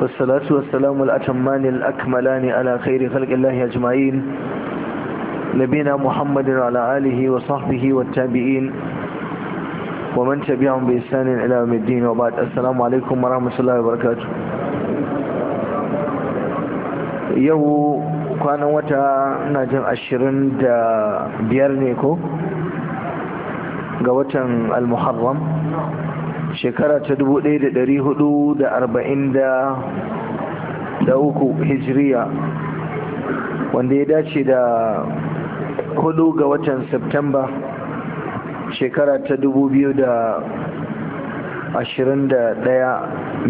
والصلاة والسلام الأتمان الأكملان على خير خلق الله أجمعين نبينا محمد على آله وصحبه والتابعين ومن تبعهم بإسان إلى يوم الدين وبعد السلام عليكم ورحمة الله وبركاته يو كان wata نجم jin دا بيارنيكو biyar المحرم ko shekara ta 1443 hijiriya wanda ya dace da hudu ga watan Septemba shekara ta 2021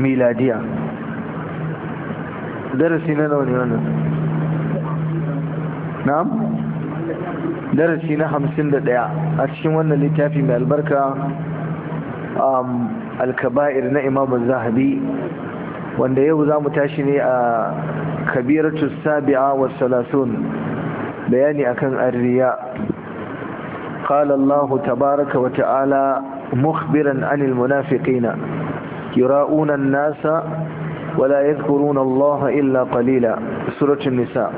miladiya darasi na nauni wannan na'am darasi na 51 a cikin wannan littafi mai albarka um, alkaba'ir na imamun zahabi wanda yau za mu tashi ne a kabiratu sabi'a wa salasun bayani akan arriya قال الله تبارك وتعالى مخبرا عن المنافقين يراؤون الناس ولا يذكرون الله إلا قليلا سورة النساء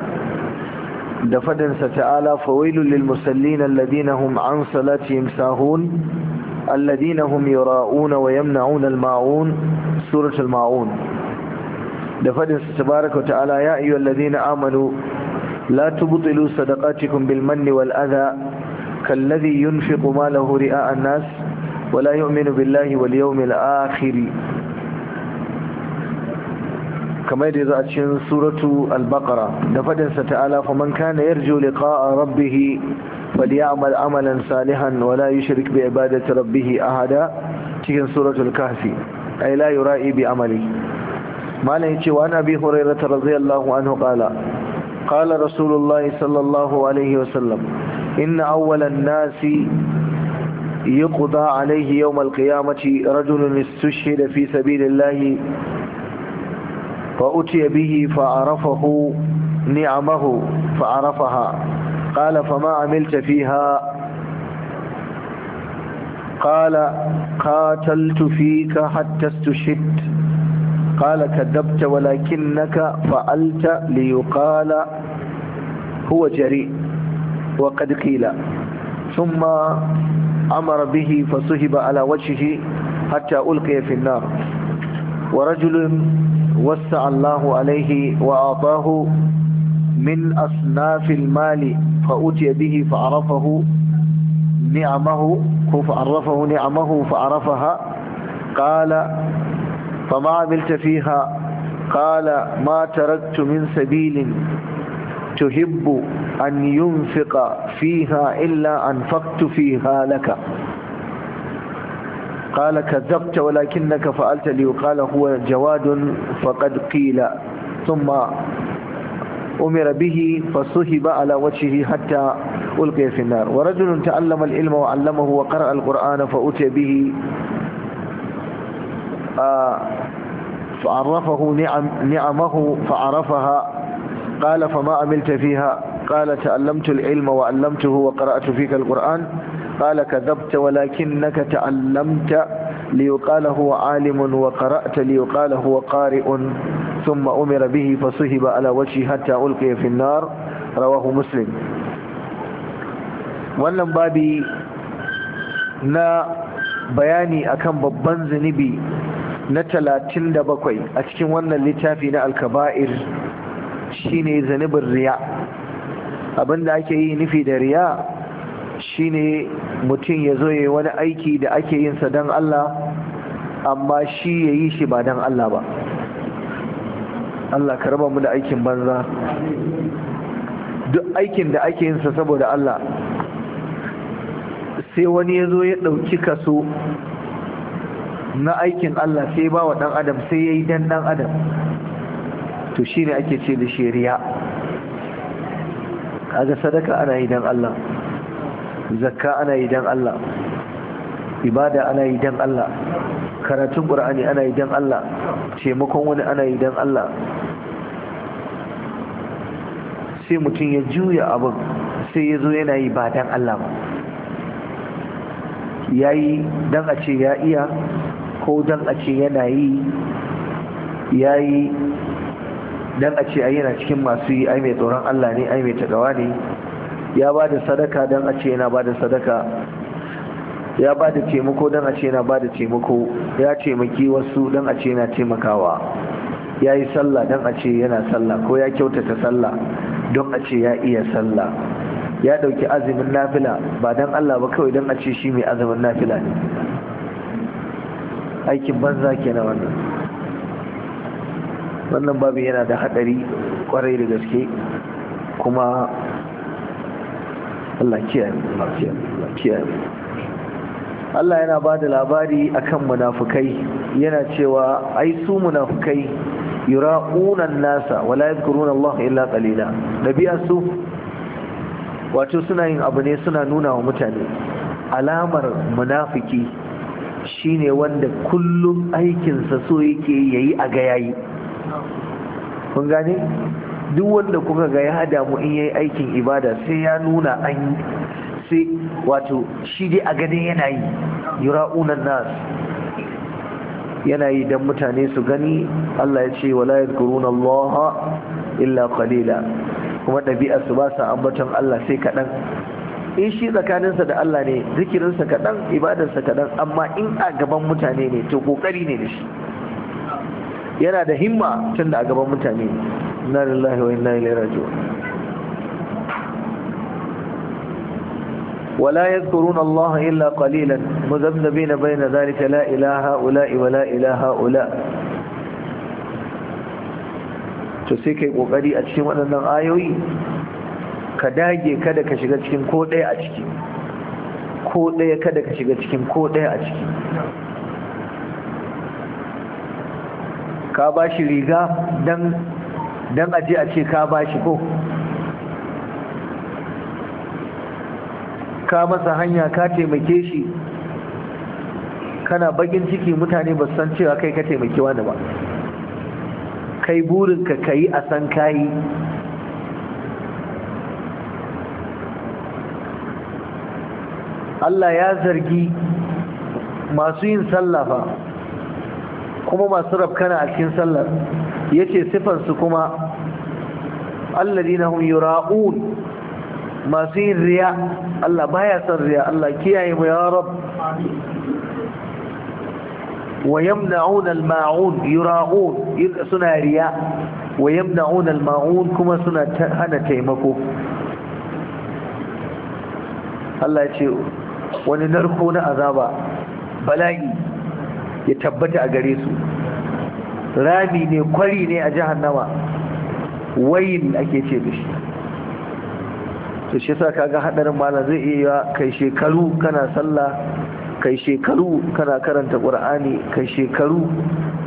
دفدنس تعالى فويل للمسلين الذين هم عن صلاتهم ساهون الذين هم يراؤون ويمنعون الماعون سورة الماعون لفضل تبارك وتعالى يا أيها الذين آمنوا لا تبطلوا صدقاتكم بالمن والأذى كالذي ينفق ماله رئاء الناس ولا يؤمن بالله واليوم الآخر كما يدعى سورة البقرة لفضل تعالى فمن كان يرجو لقاء ربه فليعمل عملا صالحا ولا يشرك بعبادة ربه أحدا تكن سورة الكهف أي لا يرائي بعمله ما نهيتي وعن أبي هريرة رضي الله عنه قال قال رسول الله صلى الله عليه وسلم إن أول الناس يقضى عليه يوم القيامة رجل استشهد في سبيل الله فأتي به فعرفه نعمه فعرفها قال فما عملت فيها قال قاتلت فيك حتى استشهدت قال كذبت ولكنك فعلت ليقال هو جريء وقد قيل ثم أمر به فصهب على وجهه حتى ألقي في النار ورجل وسع الله عليه وأعطاه من أصناف المال فأتي به فعرفه نعمه فعرفه نعمه فعرفها قال فما عملت فيها قال ما تركت من سبيل تحب أن ينفق فيها إلا أنفقت فيها لك قال كذبت ولكنك فعلت قال هو جواد فقد قيل ثم أمر به فصهب على وجهه حتى ألقي في النار ورجل تعلم العلم وعلمه وقرأ القرآن فأتي به آه، فعرفه نعم نعمه فعرفها قال فما عملت فيها قال تعلمت العلم وعلمته وقرأت فيك القرآن قال كذبت ولكنك تعلمت ليقال هو عالم وقرأت ليقال هو قارئ ثم أمر به فصهب على وجهه حتى ألقي في النار رواه مسلم wannan babi na bayani akan babban zunubi na talatin da bakwai a cikin wannan littafi na alkaba'ir shine zunubin riya da ake yi nufi da riya shine mutum ya zo ya yi wani aiki da ake yin sa don Allah amma shi ya yi shi ba don Allah ba Allah ka raba mu da aikin banza duk aikin da ake yin sa saboda Allah sai wani ya zo ya ɗauki kaso na aikin Allah sai ba wa ɗan adam sai ya yi don ɗan adam to shi ne ake ce da shari'a a ga sadaka ana yi don Allah zakka ana yi don Allah ibada ana yi don Allah karatun ƙur'ani ana yi don Allah taimakon wani ana yi don Allah sai mutum ya juya abin sai ya zo yana yi ba don Allah ba ya yi don a ce ya iya ko don a ce yana yi ya yi don a ce yi yana cikin masu yi ai mai tsoron Allah ne ai mai tagawa ne ya ba da sadaka don a ce yana ba da sadaka ya ba da taimako don a ce yana ba da taimako ya taimaki wasu don a ce yana taimakawa ya yi sallah don a ce yana sallah ko ya kyautata sallah don a ce ya iya sallah ya ɗauki azumin nafila ba don Allah ba kawai don a ce shi mai azumin nafila ne aikin banza ke na wannan wannan babu yana da haɗari kwarai da gaske kuma Allah kiyaye Allah yana ba da labari akan munafukai yana cewa ai su munafukai yuraunan nasa wala yadhkuruna Allah illa qalila nabiya su wato suna yin abu ne suna nuna wa mutane alamar munafiki shine wanda kullum aikinsa so yake yayi a gayayi yayi kun gane duk wanda kuka ga ya hada mu in yayi aikin ibada sai ya nuna an sai wato shi dai a ganin yana yi yura'unan nas yana yi dan mutane su gani Allah ya ce wala yadhkuruna Allah illa qalila kuma ɗabi'ar su ba sa ambaton Allah sai kaɗan in shi tsakaninsa da Allah ne kadan kaɗan ibadarsa kaɗan amma in a gaban mutane ne to ƙoƙari ne da shi yana da himma tun da a gaban mutane inna lillahi wa inna ilaihi raji'un ولا يذكرون الله إلا قليلا مذنبين بين ذلك لا إله هؤلاء ولا إله هؤلاء to sai kai kokari a cikin waɗannan ayoyi ka dage kada ka shiga cikin ko ɗaya a ciki ko ɗaya kada ka shiga cikin ko ɗaya a ciki ka ba shi riga don don aje a ce ka ba shi ko ka masa hanya ka taimake shi kana bakin ciki mutane ba san cewa kai ka taimaki wani ba kai burin ka yi a san kayi Allah ya zargi masu yin sallafa kuma masu rafkana a cikin sallar yace sifan su kuma alladina hum yura'un masu yin riya Allah baya son riya Allah kiyaye mu ya rab wa yamna'un al-ma'un yura'un suna riya wa yamna'un al-ma'un kuma suna hana taimako Allah ya ce wani narko na azaba bala'i ya tabbata a gare su rami ne kwari ne a jahannama wayin ake ce da shi to shi sa kaga hadarin malam zai iya kai shekaru kana salla kai shekaru kana karanta qur'ani kai shekaru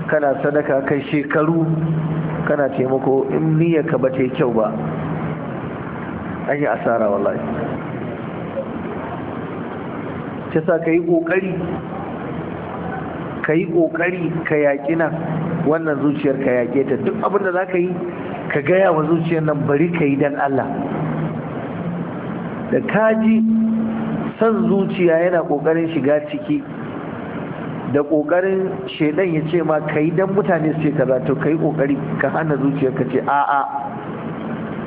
kana sadaka kai shekaru kana taimako in niyyarka ba ta yi kyau ba an yi asara wallahi ta sa ka yi ƙoƙari ka yi ƙoƙari ka yaƙi nan wannan zuciyar ka yaƙe ta duk abin da za ka yi ka gaya wa zuciyar nan bari ka yi don Allah da kaji san zuciya yana ƙoƙarin shiga ciki da ƙoƙarin shaidan ya ce ma ka yi don mutane su ce ka za ta ka yi ƙoƙari ka hana zuciyar ka ce a'a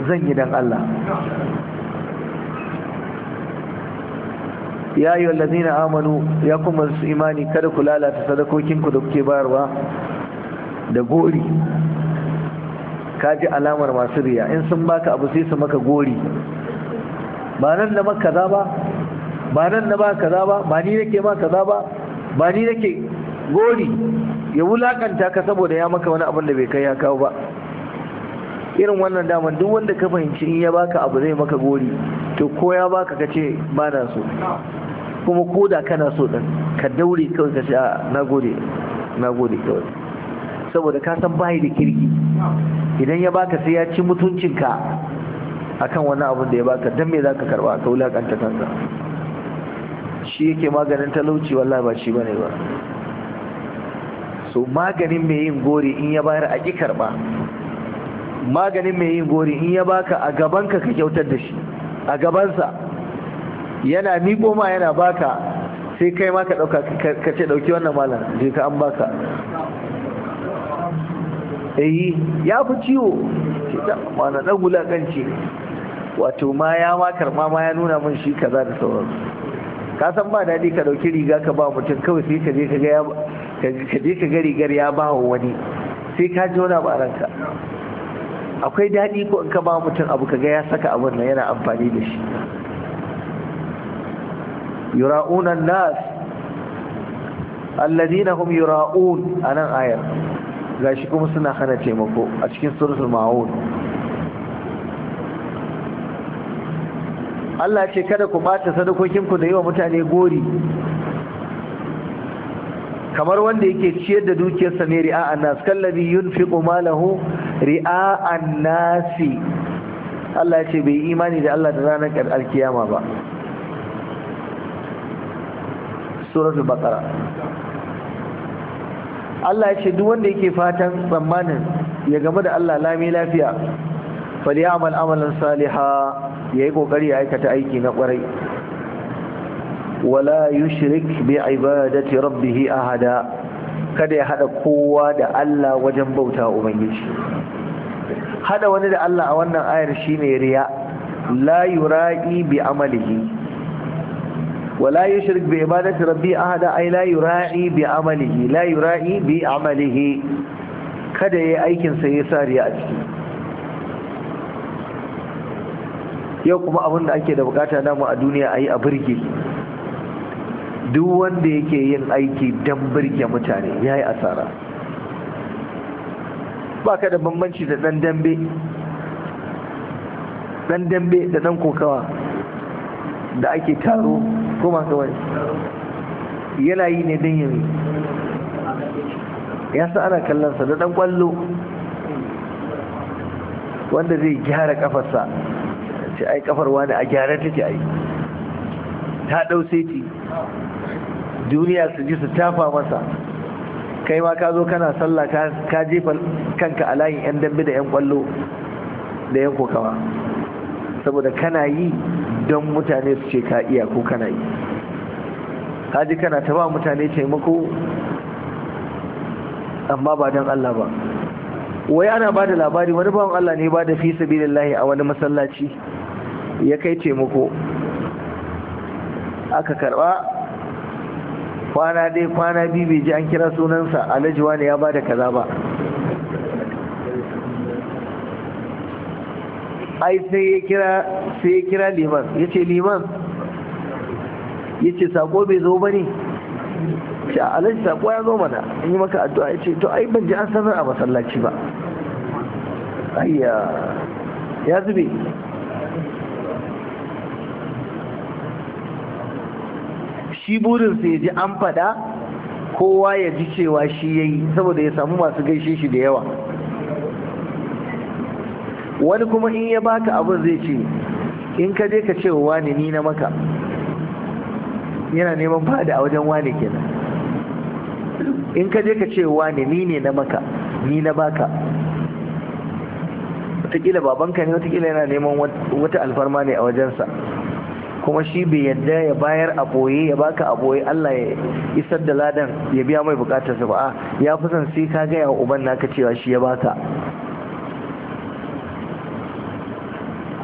zan yi don Allah ya yi wallazina amanu ya kuma su imani kada ku lalata sadakokinku da kuke bayarwa da gori kaji alamar masu riya in sun baka abu sai su maka gori ba nan da maka za ba ba nan da maka za ba ba ni nake ma kaza ba ba ni nake gori ya wulakanta ka saboda ya maka wani abin da bai kai ya kawo ba irin wannan daman duk wanda ka fahimci in ya baka abu zai maka gori to ko ya baka kace ba na so kuma ko da kana so din ka daure kawai ka ce a na gode na gode kawai saboda ka san bayi da kirki idan ya baka sai ya ci mutuncinka akan wani abun da ya baka dan me zaka karba ka wulakanta kanka shi yake maganin talauci wallahi ba shi bane ba so maganin mai yin gori in ya bayar a ki karba maganin mai yin gori in ya baka a gabanka ka kyautar da shi a gabansa yana miƙo ma yana baka sai kai ma ka ɗauka ka ce ɗauki wannan malam je ka an baka eh ya fi ciwo ce ta mana dan wulakanci wato ma ya ma karma ma ya nuna min shi kaza da sauransu ka san ba daɗi ka ɗauki riga ka ba mutum kawai sai ka je ka ga je ka ga rigar ya ba wa wani sai ka ji wani a ka akwai daɗi ko in ka ba mutum abu ka ga ya saka abin nan yana amfani da shi yura'unan nas alladhina hum yura'un anan ayar gashi kuma suna hana taimako a cikin suratul ma'un Allah ce kada ku ɓata sadakokinku da yi wa mutane gori kamar wanda yake ciyar da dukiyarsa ne an nas kallabi yunfiqu malahu an nasi Allah ce bai imani da Allah da ranar alkiyama ba suratul baqara Allah ya ce duk wanda yake fatan tsammanin ya game da Allah lami lafiya amal amalan saliha yayi kokari ya aikata aiki na kwarai wala yushrik bi ibadati rabbih ahada kada ya hada kowa da Allah wajen bauta ubangiji hada wani da Allah a wannan ayar shine riya la yura'i bi amalihi ولا يشرك بعبادة ربي أحدا أي لا يراعي بعمله لا يراعي بعمله kada ya yi aikinsa sariya a ciki yau kuma abin da ake da bukata namu a duniya a yi a birge duk wanda yake yin aiki don birge mutane ya yi asara ba ka da bambanci da ɗan dambe ɗan dambe da ɗan kokawa da ake taro ko masu wani yana yi ne don yi ya sa ana kallonsa da ɗan ƙwallo wanda zai gyara ƙafarsa ce ai ƙafar wani a gyara take ai ta ɗau seti duniya su ji su tafa masa kai ma ka zo kana sallah ka jefa kanka a layin 'yan dambe da 'yan ƙwallo da 'yan kokawa saboda kana yi don mutane su ce ka iya ko kana yi kaji kana ta ba mutane taimako amma ba don Allah ba wai ana ba da labari wani bawan Allah ne ba da fi sabilillahi a wani masallaci ya kai taimako aka karba kwana dai kwana biyu bai ji an kira sunansa alajiwa ne ya ba da kaza ba ai sai ya kira sai ya kira liman ya ce liman ya ce sako bai zo ba ne ce a alaji sako ya zo mana in yi maka addu'a ya ce to ai ban ji an sanar a masallaci ba ayya ya zube shi burinsa ya ji an fada kowa ya ji cewa shi ya yi saboda ya samu masu gaishe shi da yawa wani kuma in ya baka abin zai ce in ka je ka ce wa wani ni na maka yana neman fada a wajen wani kenan in ka je ka ce wa wani ni ne na maka ni na baka watakila babanka ne watakila yana neman wata alfarma ne a wajensa kuma shi bai yadda ya bayar a boye ya baka a boye Allah ya isar da ladan ya biya mai bukatarsa ba ya fi son sai ka gaya wa uban naka cewa shi ya baka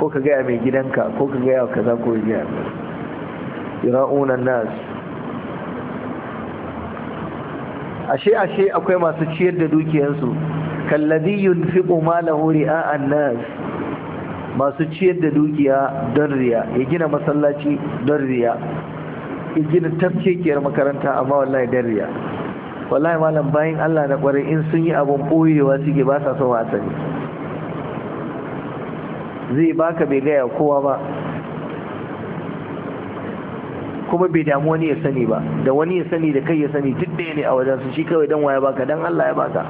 ko ka gaya mai gidanka ko ka gaya kaza ko ya gaya yura'una nas ashe ashe akwai masu ciyar da dukiyarsu kalladhi yunfiqu malahu ri'a'an nas masu ciyar da dukiya don riya ya gina masallaci don riya ya gina tafkekiyar makaranta amma wallahi don riya wallahi malam bayan Allah na kwarai in sun yi abun ɓoyewa suke ba sa son wasani zai baka bai gaya kowa ba kuma bai damu wani ya sani ba da wani ya sani da kai ya sani duk da ne a wajen su shi kawai don waya baka don Allah ya baka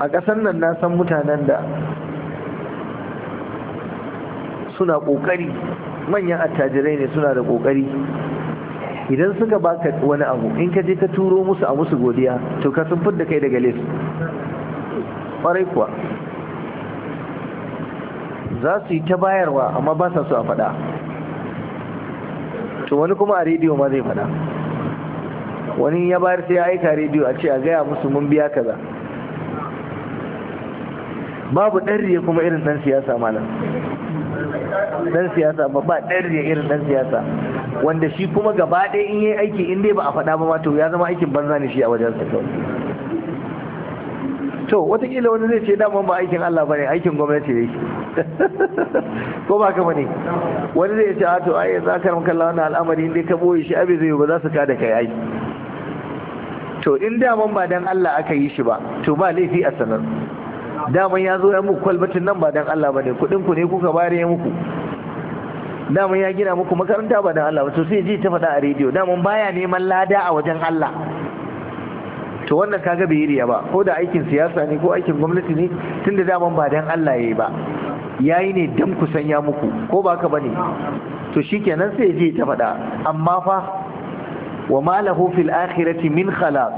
a ƙasar nan na san mutanen da suna ƙoƙari manyan attajirai ne suna da ƙoƙari idan suka baka wani abu in ka je ka turo musu a musu godiya to ka sun da kai daga lesu ƙwarai kuwa za su yi ta bayarwa amma ba sa so a faɗa to wani kuma a rediyo ma zai faɗa wani ya bayar sai ya aika rediyo a ce a gaya musu mun biya kaza babu riya kuma irin ɗan siyasa malam ɗan siyasa ba ba riya irin ɗan siyasa wanda shi kuma gaba ɗaya in yi aiki in dai ba a faɗa ba ma to ya zama aikin banza ne shi a wajen sa kawai to watakila wani zai ce daman ba aikin Allah bane aikin gwamnati ne ko ba ka ne? wani zai ce ato to za ka ramka lawan al'amari inda ka boye shi abin zai ba za su ka da kai ai to in daman ba dan Allah aka yi shi ba to ba laifi a sanar daman ya zo ya muku kwalbatin nan ba dan Allah ne kudin ku ne kuka bayar ya muku daman ya gina muku makaranta ba dan Allah ba to sai ji ta faɗa a rediyo daman baya neman lada a wajen Allah to wannan kaga bai yi riya ba ko da aikin siyasa ne ko aikin gwamnati ne tunda daman ba dan Allah yayi ba Ya yi ne dan kusan ya muku ko ba ka bane to shi shikenan sai je ta faɗa amma fa wa ma lahu fil akhirati min khalaq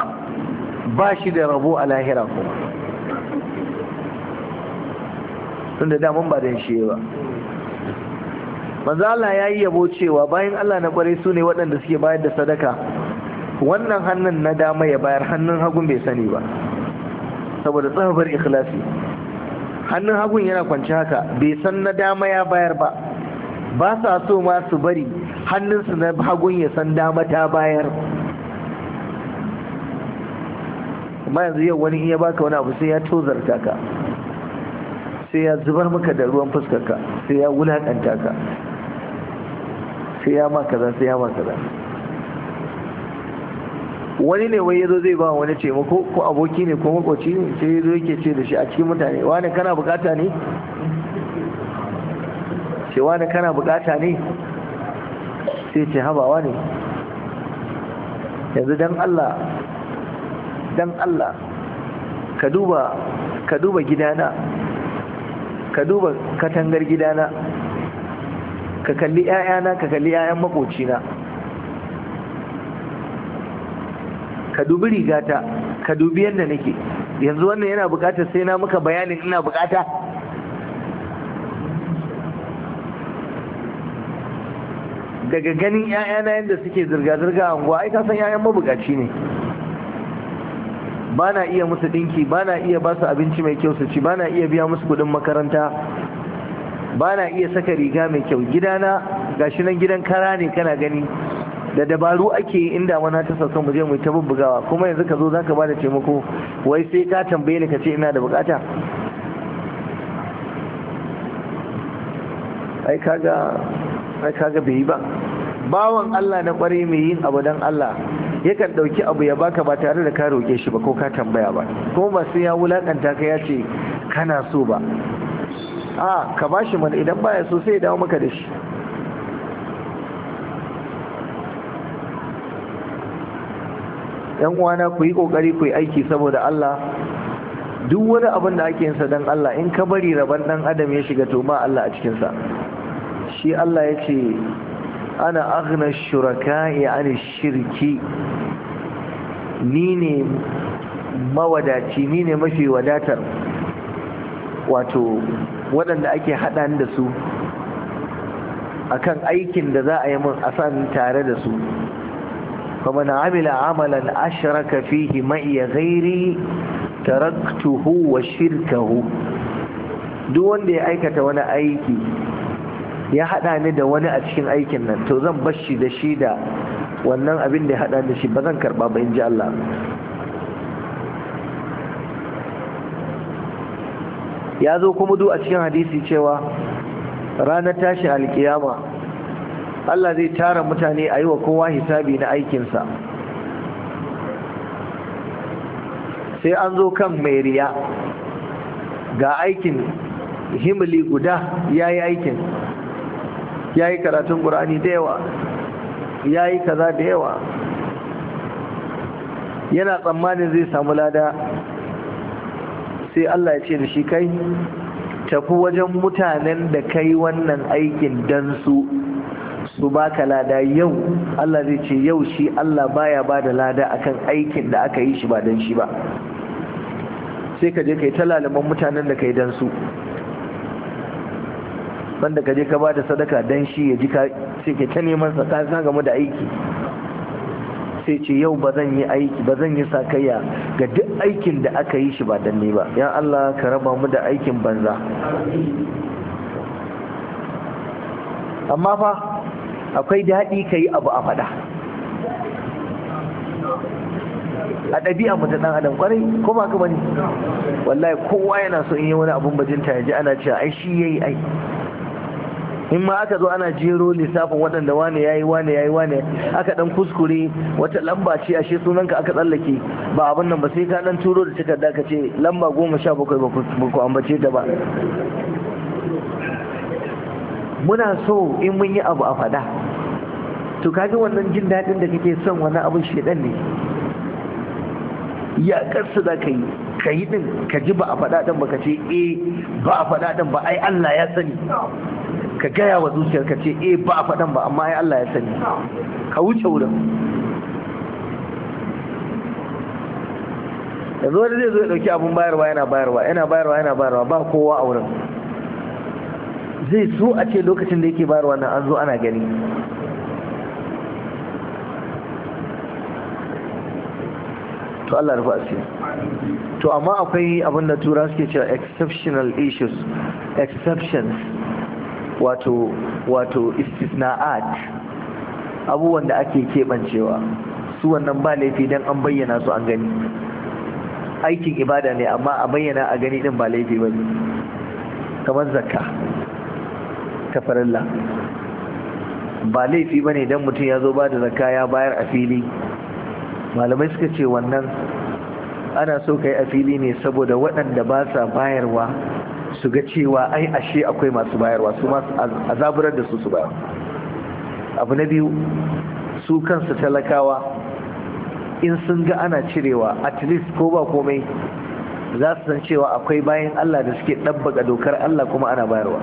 ba shi da rabo a lahira kuma tunda da mun ba da shi ba manzo Allah yayi yabo cewa bayan Allah na kware su ne waɗanda suke bayar da sadaka wannan hannun na dama ya bayar hannun hagun bai sani ba saboda tsabar ikhlasi hannun hagun yana kwanci haka bai san na dama ya bayar ba ba sa so ma su bari hannunsu na hagun ya san dama ta bayar amma yanzu yau wani iya baka wani abu sai ya tozar ka sai ya zubar maka da ruwan fuskarka sai ya wulakanta ka sai ya ma kaza sai ya ma kaza wani ne wai yazo zai ba wani taimako ko aboki ne ko makoci ne sai yazo yake ce da shi a cikin mutane wani kana bukata ne ce wani kana bukata ne sai ce haba ne yanzu dan Allah dan Allah ka duba ka duba gidana ka duba katangar gidana ka kalli 'ya'yana ka kalli 'ya'yan makocina ka dubi rigata ka dubi yadda nake yanzu wannan yana bukatar sai na muka bayanin ina bukata daga ganin 'ya'yana yadda suke zirga-zirga anguwa ai san 'ya'yan mabukaci ne ba na iya musu dinki ba na iya ba su abinci mai kyau su ci ba na iya biya musu kudin makaranta ba na iya saka riga mai kyau gidana gashi nan gidan kara ne kana gani da dabaru ake yi inda mana ta sassan mu je mu ta bubbugawa kuma yanzu ka zo zaka ba da taimako wai sai ka tambaye ni ka ce ina da bukata ai kaga ai kaga ba bawan Allah na kware mai yin abu dan Allah yakan dauki abu ya baka ba tare da ka roƙe shi ba ko ka tambaya ba kuma ba sai ya wulakanta ka ya ce kana so ba a ka bashi mana idan baya so sai ya dawo maka da shi yan uwana ku yi kokari ku yi aiki saboda Allah duk wani abin da ake yinsa don Allah in ka bari rabon dan adam ya shiga to ba Allah a cikinsa shi Allah ya ce ana shuraka ya ana shirki ni ne mawadaci ni ne mafi wadatar wato waɗanda ake haɗa da su akan aikin da za a yi mun a san tare da su فمن عمل عملا أشرك فيه معي غيري تركته وشركه duk wanda ya aikata wani aiki ya hada ni da wani a cikin aikin nan to zan bar da shi da wannan abin da ya hada da shi ba zan karba ba in ji Allah ya zo kuma duk a cikin hadisi cewa ranar tashi alkiyama Allah zai tara mutane a yi wa kowa hisabi na aikinsa sai an zo kan mai riya ga aikin himili guda ya yi aikin ya yi karatun ƙurani da yawa ya yi kaza da yawa yana tsammanin zai samu lada sai Allah ya ce da shi kai tafi wajen mutanen da kai wannan aikin don su su baka lada yau Allah zai ce yau shi Allah baya ba da lada akan aikin da aka yi shi ba don shi ba sai ka je ka yi ta mutanen da ka yi don su wanda ka je ka ba da sadaka don shi ya ji ka, sai ka ta neman sa ka game da aiki sai ce yau ba zan yi aiki ba zan yi sakayya ga duk aikin da aka yi shi ba dan ne ba ya Allah ka raba mu da aikin banza amma fa akwai daɗi ka yi abu a faɗa a ɗabi'a mutum ɗan adam ƙwarai ko ba ka bane wallahi kowa yana so in yi wani abun bajinta ya ji ana cewa ai shi ya yi ai in ma aka zo ana jero lissafin waɗanda wane yayi wane yayi wane aka ɗan kuskure wata lamba ce ashe sunanka aka tsallake ba abin nan ba sai ka ɗan turo da takarda ka ce lamba goma sha bakwai ba ku ambace ta ba muna so in mun yi abu a fada to kaji wannan jin daɗin da kake son wani abin shaidan ne ya karsu za ka yi ka yi ɗin ka ji ba a fada ɗin ba ka ce e ba a fada ɗin ba ai Allah ya sani ka gaya wa zuciyar ka ce e ba a faɗan ba amma ai Allah ya sani ka wuce wurin yanzu wani zai zo ya ɗauki abin bayarwa yana bayarwa yana bayarwa yana bayarwa ba kowa a wurin zai so a ce lokacin da yake bayarwa na an zo ana gani to Allah rufa asiri to amma akwai abin da tura suke cewa exceptional issues exceptions wato wato istisna'at abubuwan da ake keɓancewa su wannan ba laifi don an bayyana su an gani aikin ibada ne amma a bayyana a gani din ba laifi ba ne kamar zakka ta farilla ba laifi ba ne don mutum ya zo ba da zakka ya bayar a fili malamai suka ce wannan ana so ka yi a fili ne saboda waɗanda ba sa bayarwa su ga cewa ai ashe akwai masu bayarwa su masu azaburar da su su bayar abu na biyu su kansu talakawa in sun ga ana cirewa at least ko ba komai za su san cewa akwai bayan Allah da suke ɗabbaka dokar Allah kuma ana bayarwa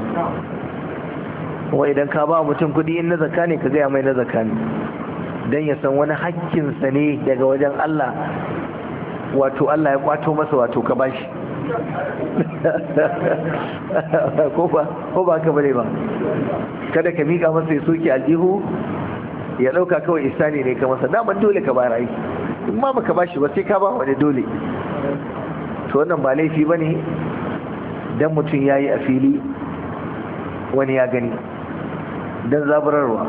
Wa idan ka ba mutum kuɗi in na zaka ne ka gaya mai na zaka ne don ya san wani hakkinsa ne daga wajen Allah wato Allah ya kwato masa wato ka bashi ko ba ko ba ka bare ba kada ka mika masa ya soke aljihu ya ɗauka kawai isani ne ka masa daman dole ka ba aiki in ma baka bashi ba sai ka ba wani dole to wannan ba laifi bane dan mutum yayi a fili wani ya gani don zaburarwa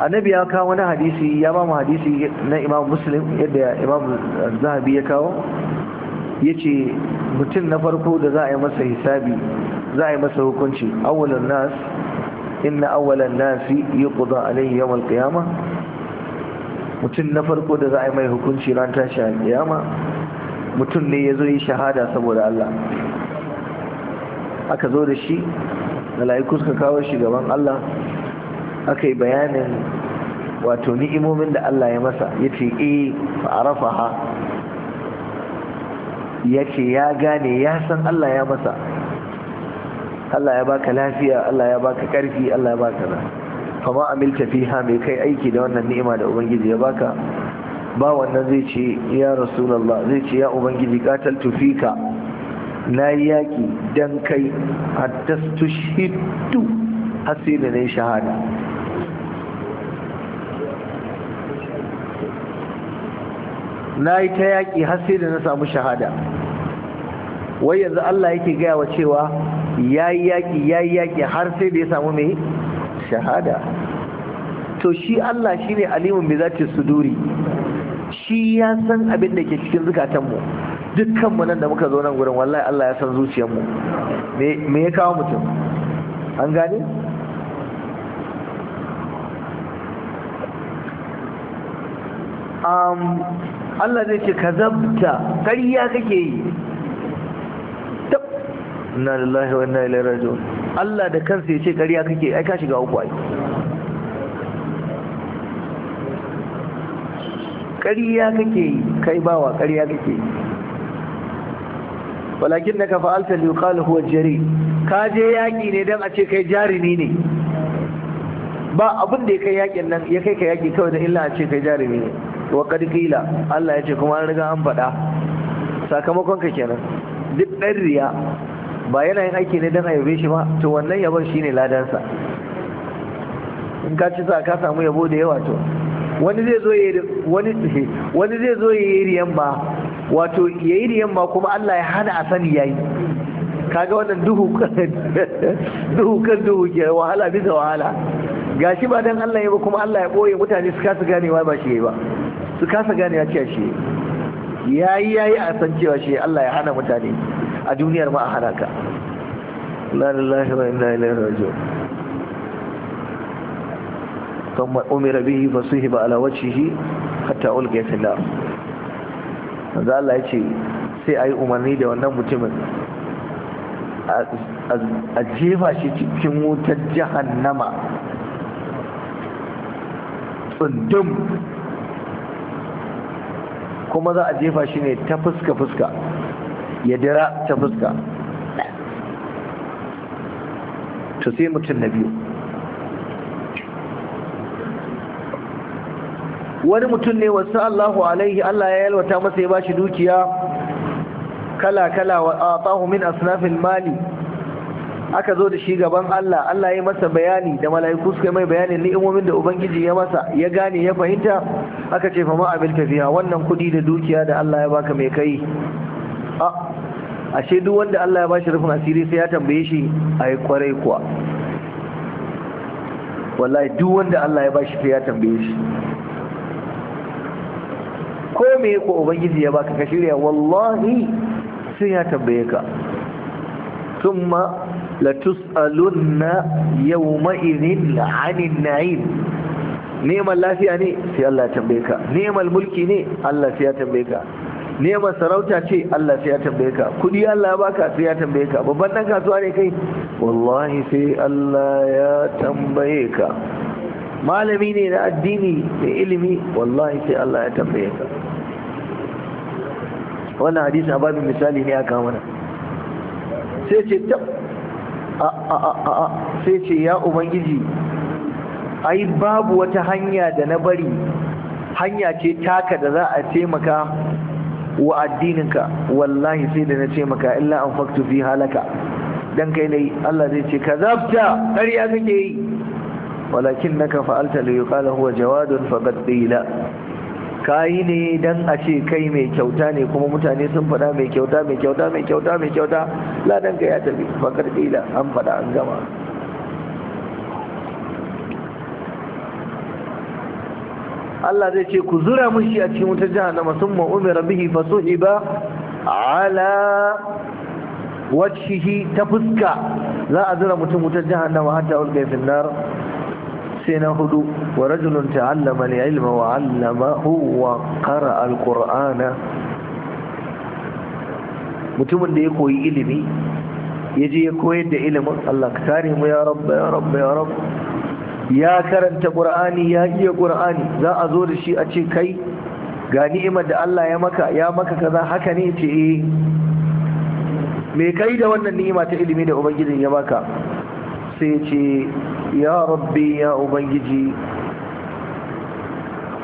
annabi ya kawo wani hadisi ya ba mu hadisi na imam muslim yadda imam zahabi ya kawo ya ce mutum na farko da za a yi masa hisabi za a yi masa hukunci awalan nas inna awalan nasi yi kuda alayhi yawon alkiyama mutum na farko da za a yi mai hukunci ran tashi alkiyama mutum ne ya zo yi shahada saboda Allah aka zo da shi mala'iku suka kawo shi gaban Allah aka yi bayanin wato ni'imomin da Allah ya masa ya ce eh ha ya ce ya gane ya san Allah ya masa Allah ya baka lafiya Allah ya baka karfi Allah ya baka na fama amilta fiha mai kai aiki da wannan ni'ima da ubangiji ya baka ba wannan zai ce ya rasulallah zai ce ya ubangiji katal tufika na yi yaƙi don kai a tastushidu hasiri ne shahada na yi ta yaƙi hasiri na samu shahada wai yanzu Allah yake gaya wa cewa ya yi yaƙi ya yi yaƙi har sai da ya samu mai shahada to shi Allah shi ne alimun mai zace su suduri shi ya san abin da ke cikin zukatanmu dukkan mu nan da muka zo nan gurin wallahi Allah ya san zuciyar mu me ya kawo mutum an gane um Allah zai ce kazabta kariya kake yi tab inna lillahi wa inna ilaihi raji'un Allah da kansa ya ce ƙarya kake ai ka shiga uku ai kariya kake yi kai bawa kariya kake yi walakin na ka fa'alta da yuqalu huwa jari ka je yaƙi ne don a ce kai jarumi ne ba abin da ya kai yaƙin nan ya kai ka yaƙi kawai da illa a ce kai jarumi ne wa qad Allah ya ce kuma an riga an faɗa sakamakon ka kenan duk ɗan riya ba yana yin aiki ne don a yabe shi ba to wannan yabon shine ladansa in ka ci sa ka samu yabo da yawa to wani zai zo yi wani wani zai zo yi riyan ba wato yayi da yamma kuma Allah ya hana a sani yayi kaga wannan duhu duhu kan duhu ke wahala bisa wahala gashi ba dan Allah ya ba kuma Allah ya boye mutane su kasa ganewa ba shi ba su kasa ganewa cewa shi yayi yayi a san cewa shi Allah ya hana mutane a duniyar ma a hana ka la ilaha illa inna ilaihi raji'un ثم أمر به فصهب على وجهه حتى ألقي في النار Za Allah ya ce sai a yi umarni da wannan mutumin a jefa shi cikin wutar jahannama tsundum kuma za a jefa shi ne ta fuska-fuska ya dira ta fuska to sai mutum na biyu wani mutum ne wasu Allahu alaihi Allah ya yalwata masa ya bashi dukiya kala kala wa atahu min asnafil mali aka zo da shi gaban Allah Allah ya masa bayani da mala'iku suka mai bayani ni'imomin da ubangiji ya masa ya gane ya fahimta aka ce fa ma abil tafiya wannan kudi da dukiya da Allah ya baka mai kai a ashe duk wanda Allah ya bashi rufin asiri sai ya tambaye shi a yi kwarai kuwa wallahi duk wanda Allah ya bashi sai ya tambaye shi ko me ko ubangiji ya baka ka shirya wallahi sun ya tambaye ka thumma latus'alunna yawma idhin 'anil na'im neman lafiya ne sai Allah ya tambaye ka neman mulki ne Allah sai ya tambaye ka neman sarauta ce Allah sai ya tambaye ka kudi Allah baka sai ya tambaye ka babban dan kasuwa ne kai wallahi sai Allah ya tambaye ka malami ne na addini da ilimi wallahi sai Allah ya tambaye ka wannan hadisi babin misali ne aka mana sai ce tab a a a a sai ce ya ubangiji ai babu wata hanya da na bari hanya ce taka da za a taimaka wa addininka wallahi sai da na taimaka illa an faktu fi halaka dan kai ne Allah zai ce kazabta ƙarya kake yi walakinnaka fa'alta li yuqala huwa jawadun faqad qila kayi ne dan a ce kai mai kyauta ne kuma mutane sun faɗa mai kyauta mai kyauta mai kyauta mai kyauta ladan ka ya tafi faqad qila an faɗa an gama Allah zai ce ku zura mushi a cikin wutar jahannama summa umira bihi fa fasuhiba ala wajhihi ta fuska za a zura mutum wutar jahannama hatta ulqa fi nar Sai na hudu wa rajulun ta'allama al-ilma wa 'allamahu wa qara'a al-qur'ana mutumin da ya koyi ilimi ya je ya koyar da ilimin Allah ka tare mu ya rabba ya rabba ya rabba ya karanta qur'ani ya iya qur'ani za a zo da shi a ce kai ga ni'imar da Allah ya maka ya maka kaza haka ne ce eh me kai da wannan ni'ima ta ilimi da ubangiji ya baka sai ce ya rabbi ya ubangiji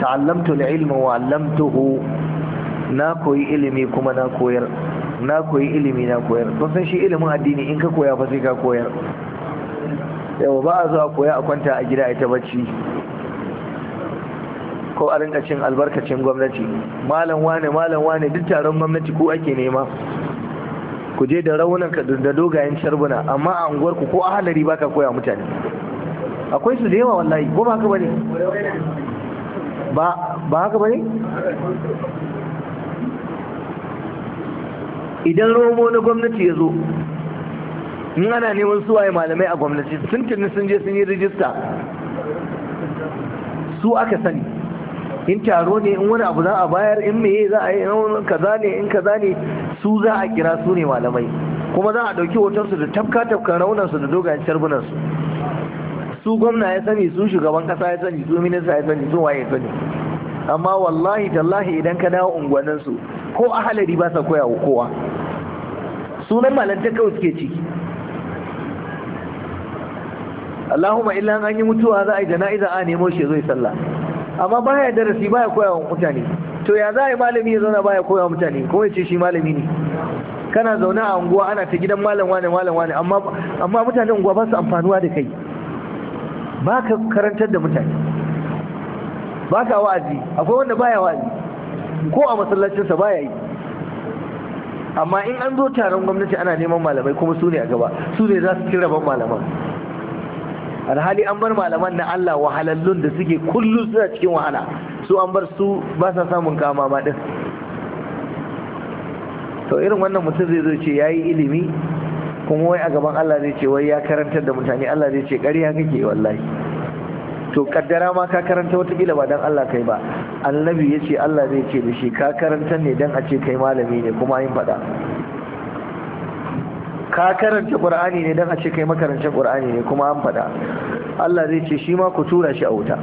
ta'allamtu al-ilma wa 'allamtuhu na koyi ilimi kuma na koyar na koyi ilimi na koyar Don san shi ilimin addini in ka koya fa sai ka koyar yawa ba a a koya a kwanta a gida a ta bacci ko a rinka cin albarkacin gwamnati malam wane malam wane duk taron gwamnati ko ake nema ku je da raunanka da dogayen sharbuna amma a unguwarku ko a ba baka koya mutane akwai su da yawa wallahi ko ba haka bane ba ba haka bane idan romo na gwamnati ya zo in ana neman suwaye malamai a gwamnati sun tuni sun je sun yi rijista su aka sani in taro ne in wani abu za a bayar in meye za a yi in kaza ne in kaza ne su za a kira su ne malamai kuma za a ɗauki hotonsu da tafka tafkan raunansu da dogayen carbunansu su gwamna ya sani su shugaban kasa ya sani su minista ya sani su waye sani amma wallahi tallahi idan ka dawo unguwanninsu ko halari ba sa koya wa kowa sunan malanta kawai suke ciki Allahumma illa an yi mutuwa za a yi jana'iza a nemo shi zai sallah amma baya darasi baya koya wa mutane to ya za a yi malami ya zauna baya koya mutane ko ya ce shi malami ne kana zaune a unguwa ana ta gidan malam wane malam wane amma mutanen unguwa ba su amfanuwa da kai ba ka karantar da mutane ba ka wa'azi akwai wanda baya wa'azi ko a masallacinsa baya yi amma in an zo taron gwamnati ana neman malamai kuma su ne a gaba su ne za su ci rabon malaman alhali an bar malaman na Allah wahalallun da suke kullum suna cikin wahala su an bar su ba sa samun kama ma din to irin wannan mutum zai zo ce yayi ilimi kuma wai a gaban Allah zai ce wai ya karantar da mutane Allah zai ce ƙarya kake wallahi to kaddara ma ka karanta wata kila ba dan Allah kai ba annabi yace Allah zai ce da shi ka karantar ne dan a ce kai malami ne kuma yin fada ka karanta ƙur'ani ne dan a ce kai makarantar qur'ani ne kuma an faɗa Allah zai ce shi ma ku tura shi a wuta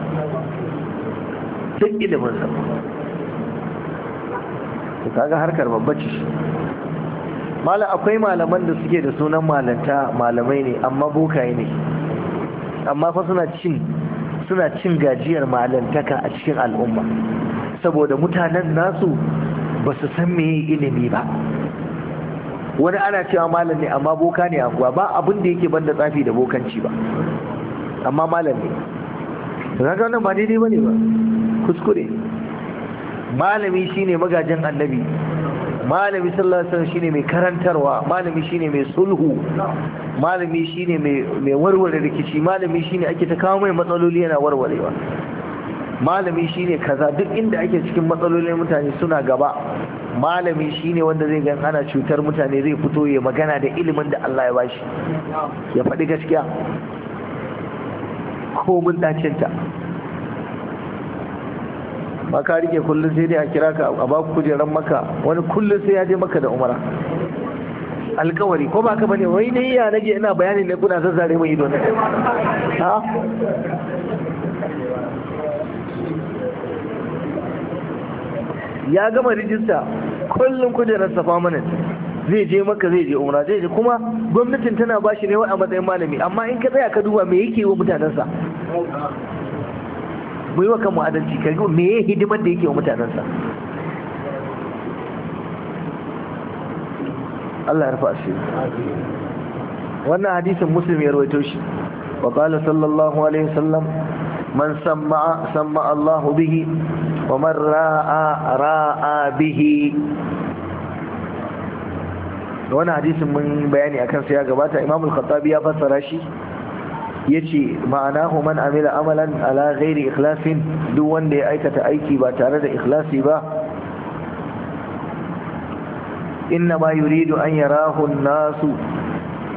duk ilimin sa to kaga harkar babbaci shi mala akwai malaman da suke da sunan malanta malamai ne amma bokaye ne amma fa suna cin suna cin gajiyar malantaka a cikin al'umma saboda mutanen nasu ba su san meye ilimi ba wani ana cewa malam ne amma boka ne anguwa ba abin da yake banda tsafi da bokanci ba amma malam ne zaka wannan ba daidai bane ba kuskure malami shine magajin annabi malami sallallahu alaihi wasallam shine mai karantarwa malami shine mai sulhu malami shine mai warware rikici malami shine ake ta kawo mai matsaloli yana warwarewa malami shine kaza duk inda ake cikin matsalolin mutane suna gaba malami shine wanda zai gan ana cutar mutane zai fito ya magana da ilimin da Allah ya bashi ya faɗi gaskiya komin dacinta ba ka rike kullum sai dai a kira ka a baku kujeran maka wani kullum sai ya je maka da umara alkawari ko ba ka bane wai ne ya nage ina bayanin ne kuna zazzare mai ido na ya gama rijista kullum kujerarsa permanent zai je maka zai je umra zai je kuma gwamnatin tana ba shi ne a matsayin malami amma in ka tsaya ka duba me yake wa mutanensa mu yi wa kanmu adalci ka ga me hidimar da yake wa mutanensa Allah ya rufa asiri wannan hadisin muslim ya rawaito shi wa qala sallallahu alaihi wasallam من سمع سمع الله به ومن راى راى به wani hadisin mun bayani akan sa ya gabata Imam al-Khattabi ya fassara shi yace ma'anahu man amila amalan ala ghairi ikhlasin duk wanda ya aikata aiki ba tare da ikhlasi ba inna ma yuridu an yarahu an-nasu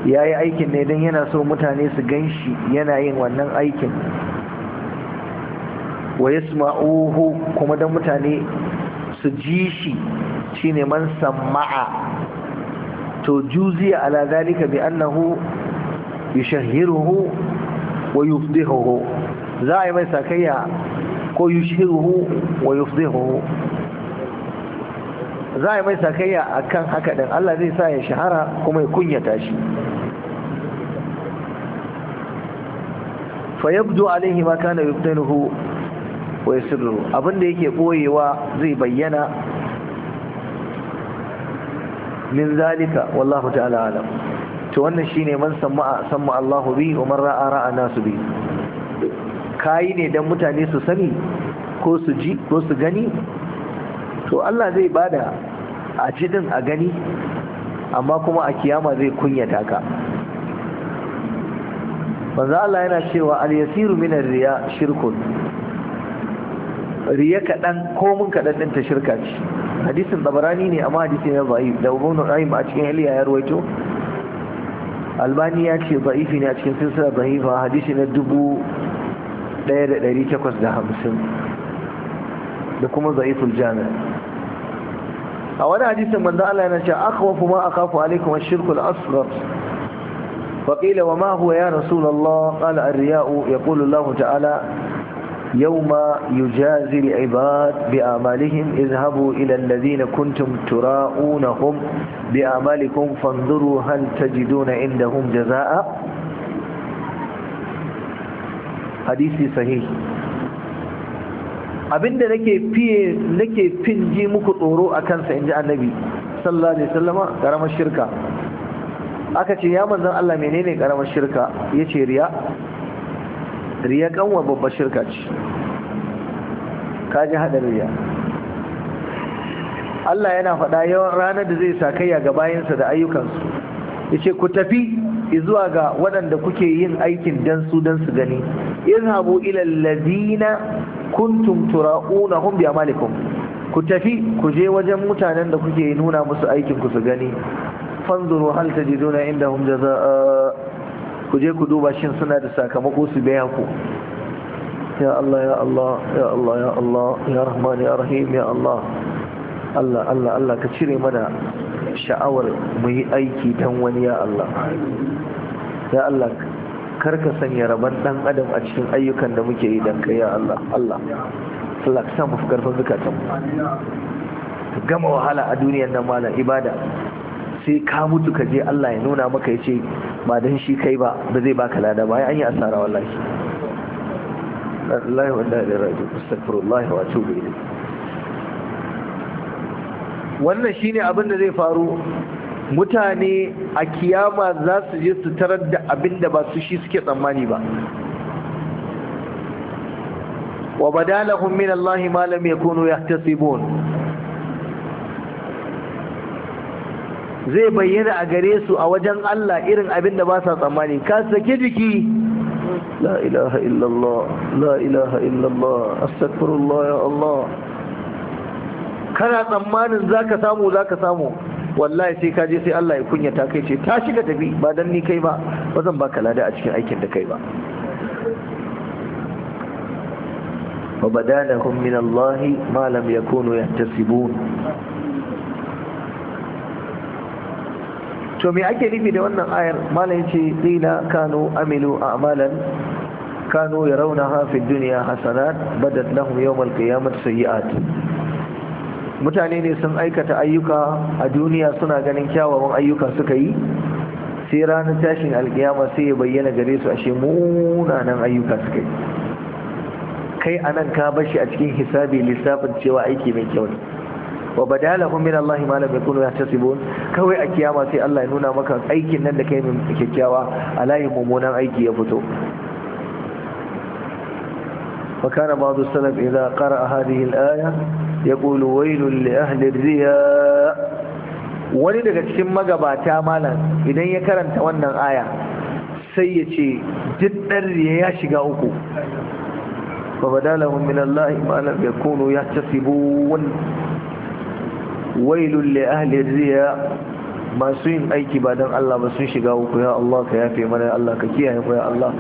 yayi aikin ne dan yana so mutane su ganshi yana yin wannan aikin wa yasma'uhu kuma dan mutane su ji shi shine man sama'a to juziya ala zalika bi annahu yushahiruhu wa yufdihuhu za a yi mai sakayya ko yushiruhu wa yufdihuhu za a yi mai sakayya akan haka din Allah zai sa ya shahara kuma ya kunyata shi fa yabdu alaihi ma kana yubtinuhu wa sirru abinda yake boyewa zai bayyana min zalika wallahu ta'ala alam to wannan shine man samma samma Allahu bi wa man ra'a ra'a nasu bi kai ne dan mutane su sani ko su ji ko su gani to Allah zai bada a ji din a gani amma kuma a kiyama zai kunyata ka manzo Allah yana cewa al-yasiru min riya shirkun riya kaɗan ko mun kaɗan ɗin ta shirka ce hadisin tabarani ne amma hadisi ne ba'i da ibn qayyim a cikin aliya ya rawaito albani ya ce ba'ifi ne a cikin silsila ba'ifa hadisi na dubu ɗaya da ɗari takwas da hamsin da kuma za'iful jami'a a wani hadisin manzo Allah yana cewa akhwafu ma akhafu alaikum ash-shirku al-asghar wa وما ya يا رسول الله قال ya يقول الله ta'ala. يوم يجازي العباد بأعمالهم اذهبوا إلى الذين كنتم تراؤونهم بأعمالكم فانظروا هل تجدون عندهم جزاء حديث صحيح abinda nake fiye nake fin ji muku tsoro a kansa inji annabi sallallahu alaihi wasallama karamar shirka aka ce ya manzon Allah menene karamar shirka yace riya riya kanwa babbar shirka ce kaji haɗa riya Allah yana faɗa yawan ranar da zai sa kaiya ga bayansa da ayyukansu ya ce ku tafi zuwa ga waɗanda kuke yin aikin dan su dan su gani izhabu ila alladhina kuntum tura'unahum bi amalikum ku tafi ku je wajen mutanen da kuke nuna musu aikin ku su gani fanzuru hal tajiduna indahum jazaa ku je ku duba shin suna da sakamako su biya ku ya Allah ya Allah ya Allah ya Allah ya Rahman ya Rahim ya Allah Allah Allah Allah ka cire mana sha'awar mu yi aiki dan wani ya Allah ya Allah karka sanya rabon dan adam a cikin ayyukan da muke yi dan kai ya Allah Allah Allah ka sa mu fi karfin zukatan mu gama wahala a duniyar nan malam ibada sai ka mutu ka je Allah ya nuna maka ya ce ba don shi kai ba ba zai baka lada ba an yi asara wallahi Allah wa da raju astaghfirullah wa atubu ilayh wannan shine abin da zai faru mutane a kiyama za su je su tarar da abin da ba su shi suke tsammani ba wa badalahum min Allah ma lam yakunu yahtasibun zai bayyana a gare su a wajen Allah irin abin da ba sa tsammani ka sake jiki la ilaha illallah la ilaha illallah astaghfirullah ya Allah kana tsammanin zaka samu zaka samu wallahi sai ka je sai Allah ya kunyata kai ce ta shiga tafi ba dan ni kai ba ba zan baka lada a cikin aikin da kai ba wa badalahum min Allah ma lam yakunu yahtasibun to me ake nufi da wannan ayar malam ce qila kanu amilu a'malan kanu yarawnaha fi dunya hasanat badat lahum yawm al-qiyamah sayi'at mutane ne sun aikata ayyuka a duniya suna ganin kyawawan ayyuka suka yi sai ranar tashin alkiyama sai ya bayyana gare su ashe munanan ayyuka suka yi kai anan ka bashi a cikin hisabi lissafin cewa aiki mai kyau ne wa badalahum min Allah ma lam yakunu yahtasibun kawai a kiyama sai Allah ya nuna maka aikin nan da kai mai kyakkyawa a layin mummunan aiki ya fito وكان بعض السلف إذا قرأ هذه الآية يقول ويل لأهل الرياء wani daga cikin magabata malam idan ya karanta wannan aya sai ya ce duk ɗan riya ya shiga uku wa badalahum min Allah ma lam yakunu yahtasibun wailul li ahli riya masu yin aiki ba don Allah ba sun shiga uku ya Allah ka yafe mana ya Allah ka kiyaye mu ya Allah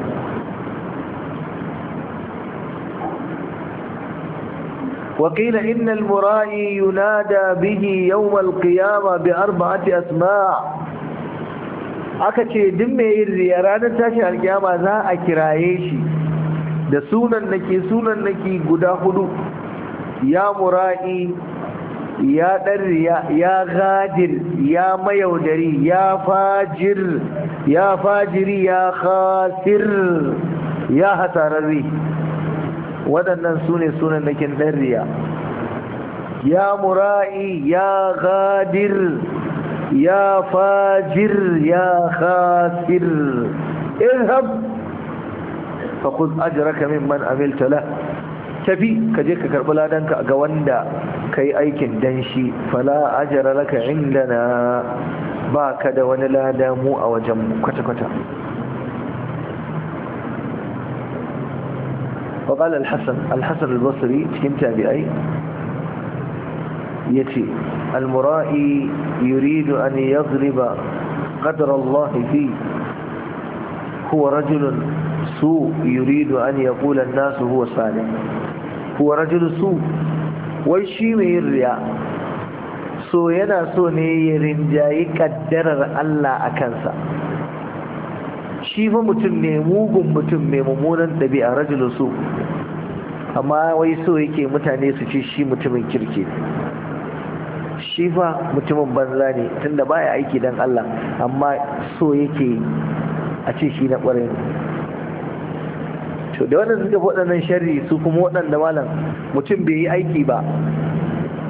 وقيل إن المرائي ينادى به يوم القيامة بأربعة أسماع aka ce duk mai yin riya ranar tashin alkiyama za a kiraye shi da sunan nake sunan nake guda hudu ya mura'i ya ɗan riya ya gajir ya mayaudari ya fajir ya fajiri ya khasir ya hasararri waɗannan su ne sunan nakin ɗan riya ya mura'i ya gajir ya fajir ya khasir irhab fa khudh ajraka mimman amilta la tafi kaje ka karɓi ladanka ga wanda kai aikin danshi fala ajara laka indana ba ka da wani lada mu a wajen kwata-kwata waƙal al-hassan basri cikin tabi'ai ya ce al-mura'i yuridu an ya zriba ƙadar allah fi kuwa rajulun su yuridu an ya ƙula nasu huwa sani kuwa rajulun su wai shi mai yin riya so yana so ne ya rinjayi kaddarar Allah a kansa shi fa mutum ne mugun mutum mai mummunan ɗabi'a rajulun so amma wai so yake mutane su ce shi mutumin kirki shi fa mutumin banza ne tunda baya aiki don Allah amma so yake a ce shi na ƙwarai to da waɗanda suka waɗannan shari'a, su kuma waɗanda malam mutum bai yi aiki ba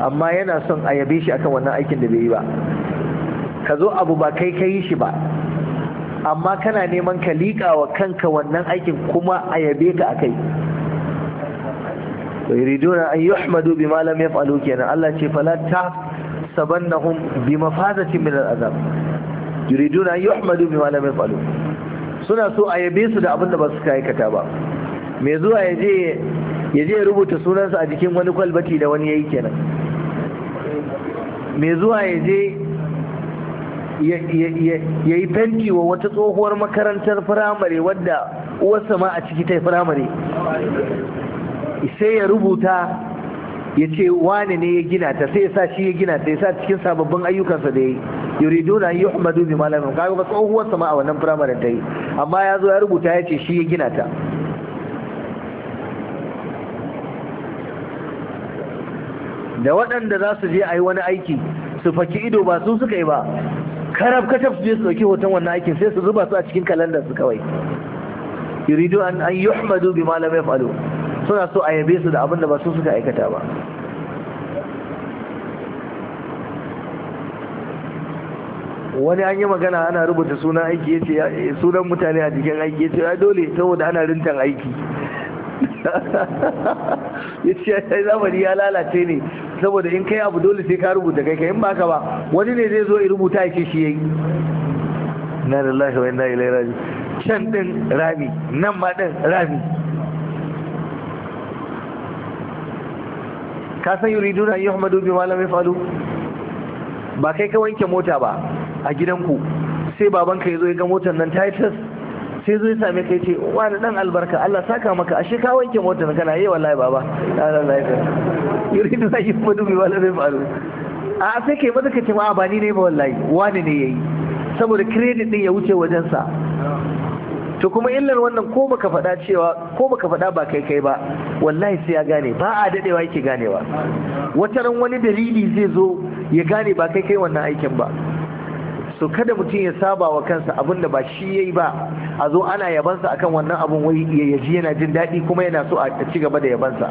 amma yana son a yabe shi akan wannan aikin da bai yi ba ka zo abu ba kai ka yi shi ba amma kana neman ka liƙa wa kanka wannan aikin kuma a yabe ka akai yuriduna an yuhmadu bima lam yaf'alu kenan Allah ce fala ta sabannahum bi mafazatin min al'azab yuriduna an yuhmadu bima lam yaf'alu suna so a yabe su da abin da ba su kata ba me zuwa yaje. ya je ya rubuta sunansa a jikin wani kwalbati da wani ya yi kenan mai zuwa ya je ya yi fenti wa wata tsohuwar makarantar firamare wadda uwarsa ma a ciki ta firamare sai ya rubuta ya ce wane ne ya gina ta sai ya sa shi ya gina ta ya sa cikin sababbin ayyukansa da ya yi yurido na yi ahmadu bi malamin kawai ba tsohuwar sama a wannan firamaren ta yi amma ya zo ya rubuta ya ce shi ya gina ta da waɗanda za su je a yi wani aiki su faki ido ba su suka yi ba karab kacaf su je su ɗauki hoton wannan aikin sai su zuba su a cikin kalandar su kawai yuridu an an yuhmadu malam ya falo, suna so a yabe su da abin da ba su suka aikata ba wani an yi magana ana rubuta sunan mutane a jikin aiki ya yace dole saboda ana rintan aiki ya ce ya zamani ya lalace ne saboda in kai abu dole sai ka rubuta kai kai in ba ba wani ne zai zo ya rubuta ya ce shi ya yi na lallahi wani na ilai rami. can din rami nan ma din rami ka san yi an yuhmadu bima lam ba kai ka wanke mota ba a gidanku sai babanka ya zo ya ga motar nan Titus. sai zo ya same ka yace wani dan albarka Allah saka maka ashe ka wanke motar kana yi wallahi baba Allah lafiya yuridu sai yi fadu bi wala bai faru a sai kai maza ka ce ma ba ni ne ba wallahi wani ne yayi saboda credit din ya wuce wajen sa to kuma illar wannan ko baka faɗa cewa ko baka faɗa ba kai kai ba wallahi sai ya gane ba a dadewa yake ganewa wataran wani dalili zai zo ya gane ba kai kai wannan aikin ba so kada mutum ya saba wa kansa abin da ba shi yayi ba a zo ana yabansa akan wannan abun wai ya yaji yana jin daɗi kuma yana so a ci gaba da yabansa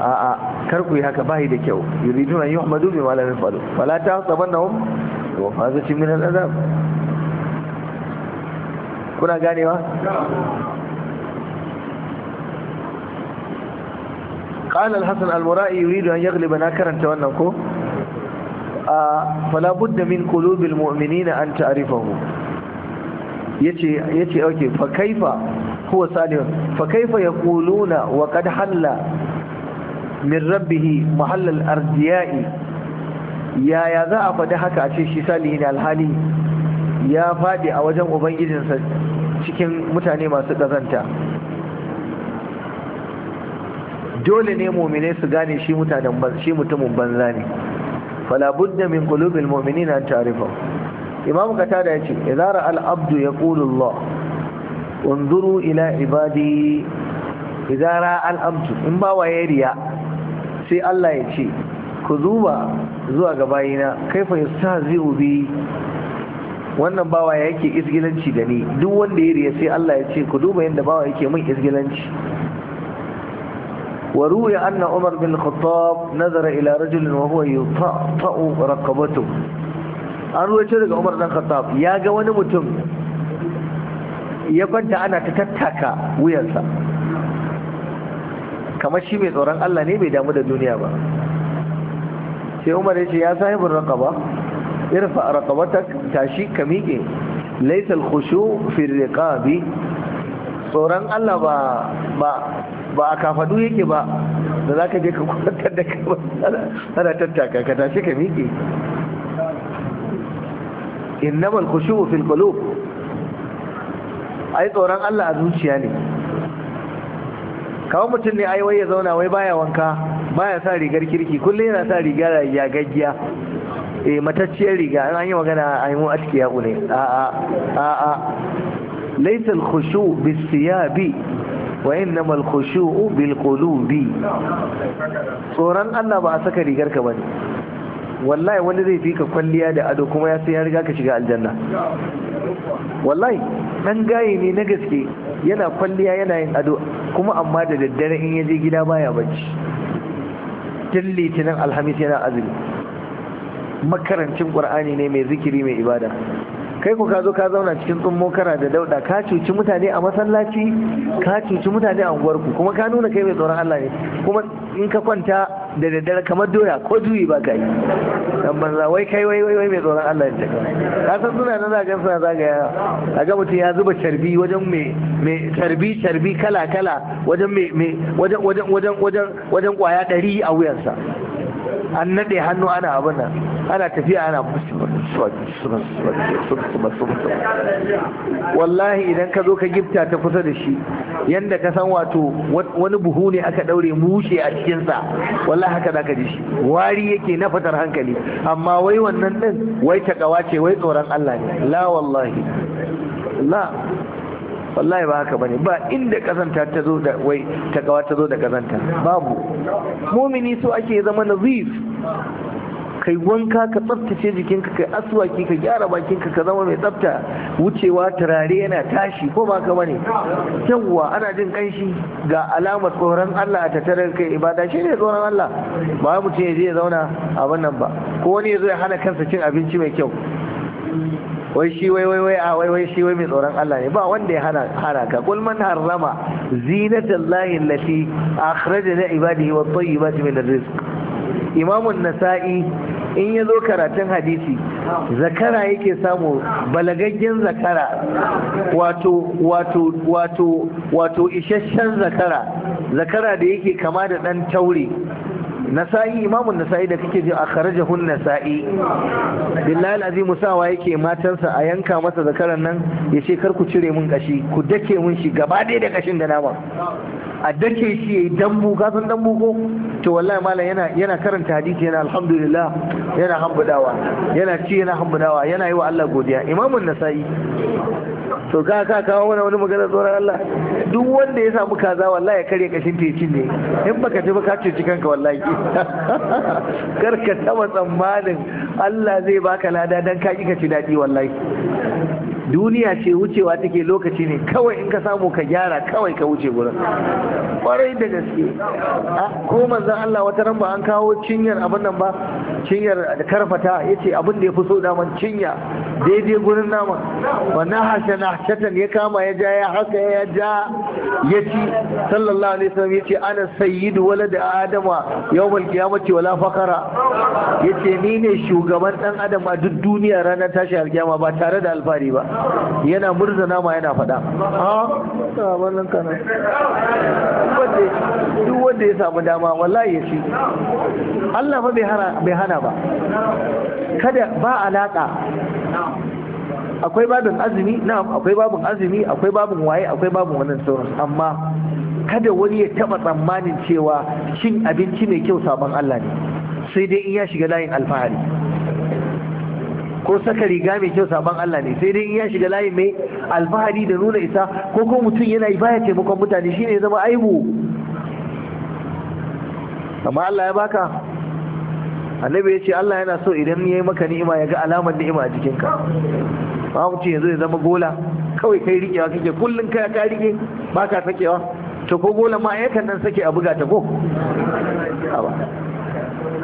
a'a kar ku yi haka bahi da kyau an yuhmadu bima lam yafalu fala tahsabannahum wa fazatin min al'azab kuna ganewa قال الحسن المرائي يريد أن يغلب wannan ko? fala budda min qulubil mu'minina an ta'rifahu yace yace okay fa kaifa huwa salih fa kaifa yaquluna wa qad halla min rabbih mahall al-ardiya'i yaya za a faɗi haka a ce shi salihin alhali ya faɗi a wajen ubangijinsa cikin mutane masu kazanta. dole ne mu'mine su gane shi mutumin banza ne falabudda budda min qulubil mu'minina an ta'rifa imam qatada yace idza ra'a al-abdu yaqulu Allah unzuru ila ibadi idza ra'a al-abdu in ba waye riya sai Allah ya ce ku zuba zuwa ga bayina kaifa zai bi wannan bawa yake isgilanci da ni duk wanda ya sai Allah ya ce ku duba yadda bawa yake min isgilanci وروي أن Umar bin الخطاب نظر إلى رجل وهو يطأطأ رقبته an ruwace daga umar dan khattab ya ga wani mutum ya kwanta ana ta tattaka wuyansa kamar shi mai tsoron Allah ne bai damu da duniya ba sai umar ya ce ya sahibin raqaba irfa raqabatak tashi ka miƙe laysal khushu fi riqabi tsoron Allah ba ba ba a kafadu yake ba da za ka je ka kwantar da kamar tana tattaka ka tashi ka miƙe innama al-khushu fil qulub ai tsoron Allah a zuciya ne kawo mutum ne ai wai ya zauna wai baya wanka baya sa rigar kirki kullum yana sa riga ya gaggiya eh matacciyar riga an yi magana a yi mu atkiya ne a a a a laysa al-khushu bis-siyabi wa innamal khushu'u bil qulubi tsoron Allah ba a saka rigar ka ne. wallahi wani zai fi ka kwalliya da ado kuma ya sai ya riga ka shiga aljanna wallahi ɗan gaye ne na gaske yana kwalliya yana yin ado kuma amma da daddare in ya je gida baya bacci tun litinin alhamis yana azumi makarancin ƙur'ani ne mai zikiri mai ibada kai ku ka zo ka zauna cikin tsummo kana da dauda ka cuci mutane a masallaci ka cuci mutane a unguwarku kuma ka nuna kai mai tsoron Allah ne kuma in ka kwanta da daddare kamar doya ko juyi ba ka yi dan banza wai kai wai wai mai tsoron Allah ne ka san suna nan zagan suna zagaya a ga mutum ya zuba tarbi wajen mai mai carbi kala kala wajen mai wajen wajen wajen wajen wajen kwaya 100 a wuyansa an nade hannu ana abin nan ana tafiya ana wallahi idan ka zo ka gifta ta kusa da shi yanda ka san wato wani buhu ne aka daure mushe a cikinsa wallahi haka zaka ji shi wari yake na fatar hankali amma wai wannan din wai takawa ce wai tsoron Allah ne la wallahi la wallahi ba haka bane ba inda kazanta ta zo da wai ta gawa ta zo da kazanta babu mumini so ake zama nazif kai wanka ka tsaftace jikinka kai aswaki ka gyara bakinka ka zama mai tsafta wucewa turare yana tashi ko ba ka bane yawwa ana jin kanshi ga alamar tsoron Allah a tattare kai ibada shi ne tsoron Allah ba mutum ya je ya zauna a wannan ba ko wani ya zo ya hana kansa cin abinci mai kyau wai shi wai wai wai a wai wai shi wai mai tsoron Allah ne ba wanda ya hana hana ka kul man harrama zinatallahi allati akhraja li ibadihi wat tayyibati min rizq imam an-nasa'i in ya zo karatun hadisi zakara yake samu balagaggen zakara wato wato wato wato isasshen zakara zakara da yake kama da dan taure nasa'i imamun nasa'i da kake ji a kharajahun nasa'i billahi alazim sawa yake matansa a yanka masa zakaran nan ya ce kar ku cire mun kashi ku dake mun shi gaba ɗaya da kashin da nama a dake shi yayi dambu ka san dambu ko to wallahi malam yana yana karanta hadisi yana alhamdulillah yana hambudawa yana ci yana hambudawa yana yi wa Allah godiya imamun nasa'i to ka ka kawo mana wani magana tsoron Allah duk wanda ya samu kaza wallahi ya karya kashin teci ne in baka ji ba ka cuci kanka wallahi kar ka taba tsammanin Allah zai baka lada dan ka ki ka ci dadi wallahi duniya ce wucewa take lokaci ne kawai in ka samu ka gyara kawai ka wuce gurin kwarai da gaske ko manzan Allah wata ran ba an kawo cinyar abin nan ba cinyar da karfata ya ce abin da ya fi so daman cinya daidai gurin nama wannan hashe na shatan ya kama ya ja ya haka ya ja ya ci sallallahu alaihi wasallam ya ce ana sayyidu wala da adama yawmal qiyamati wala fakara ya ce ni ne shugaban dan adam a duk duniya ranar tashi alkiyama ba tare da alfari ba yana murza nama yana faɗa ah, duk wanda ya samu dama wallahi ya ce Allah ba bai hana ba kada ba alaƙa akwai babin azumi na akwai babin azumi akwai babin waye akwai babin wannan sauran amma kada wani ya taba tsammanin cewa cin abinci mai kyau sabon Allah ne sai dai in ya shiga layin alfahari ko saka riga mai kyau saban Allah ne sai dai ya shiga layi mai alfahari da nuna isa ko ko mutum yana yi baya taimakon mutane shine ya zama aibu amma Allah ya baka annabi ya ce Allah yana so idan ya yayi maka ni'ima ya ga alamar ni'ima a jikinka ba mu ce yanzu ya zama gola kawai kai rikewa kake kullum kai ka rike ba ka sakewa to ko gola ma yakan nan sake a buga ta ko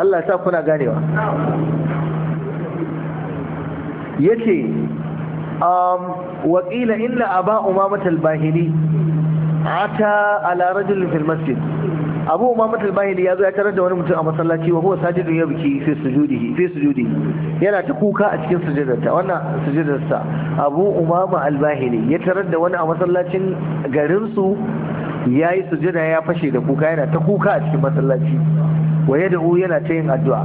Allah sa kuna ganewa yace um waqila illa aba umamat al-bahili ata ala rajul fil masjid abu umamat al-bahili yazo ya tarar da wani mutum a masallaci wa huwa sajidun yabki fi sujudihi fi sujudi yana ta kuka a cikin sujudarsa wannan sujudarsa abu umama al-bahili ya tarar da wani a masallacin garin su yayi sujuda ya fashe da kuka yana ta kuka a cikin masallaci wa yad'u yana ta yin addu'a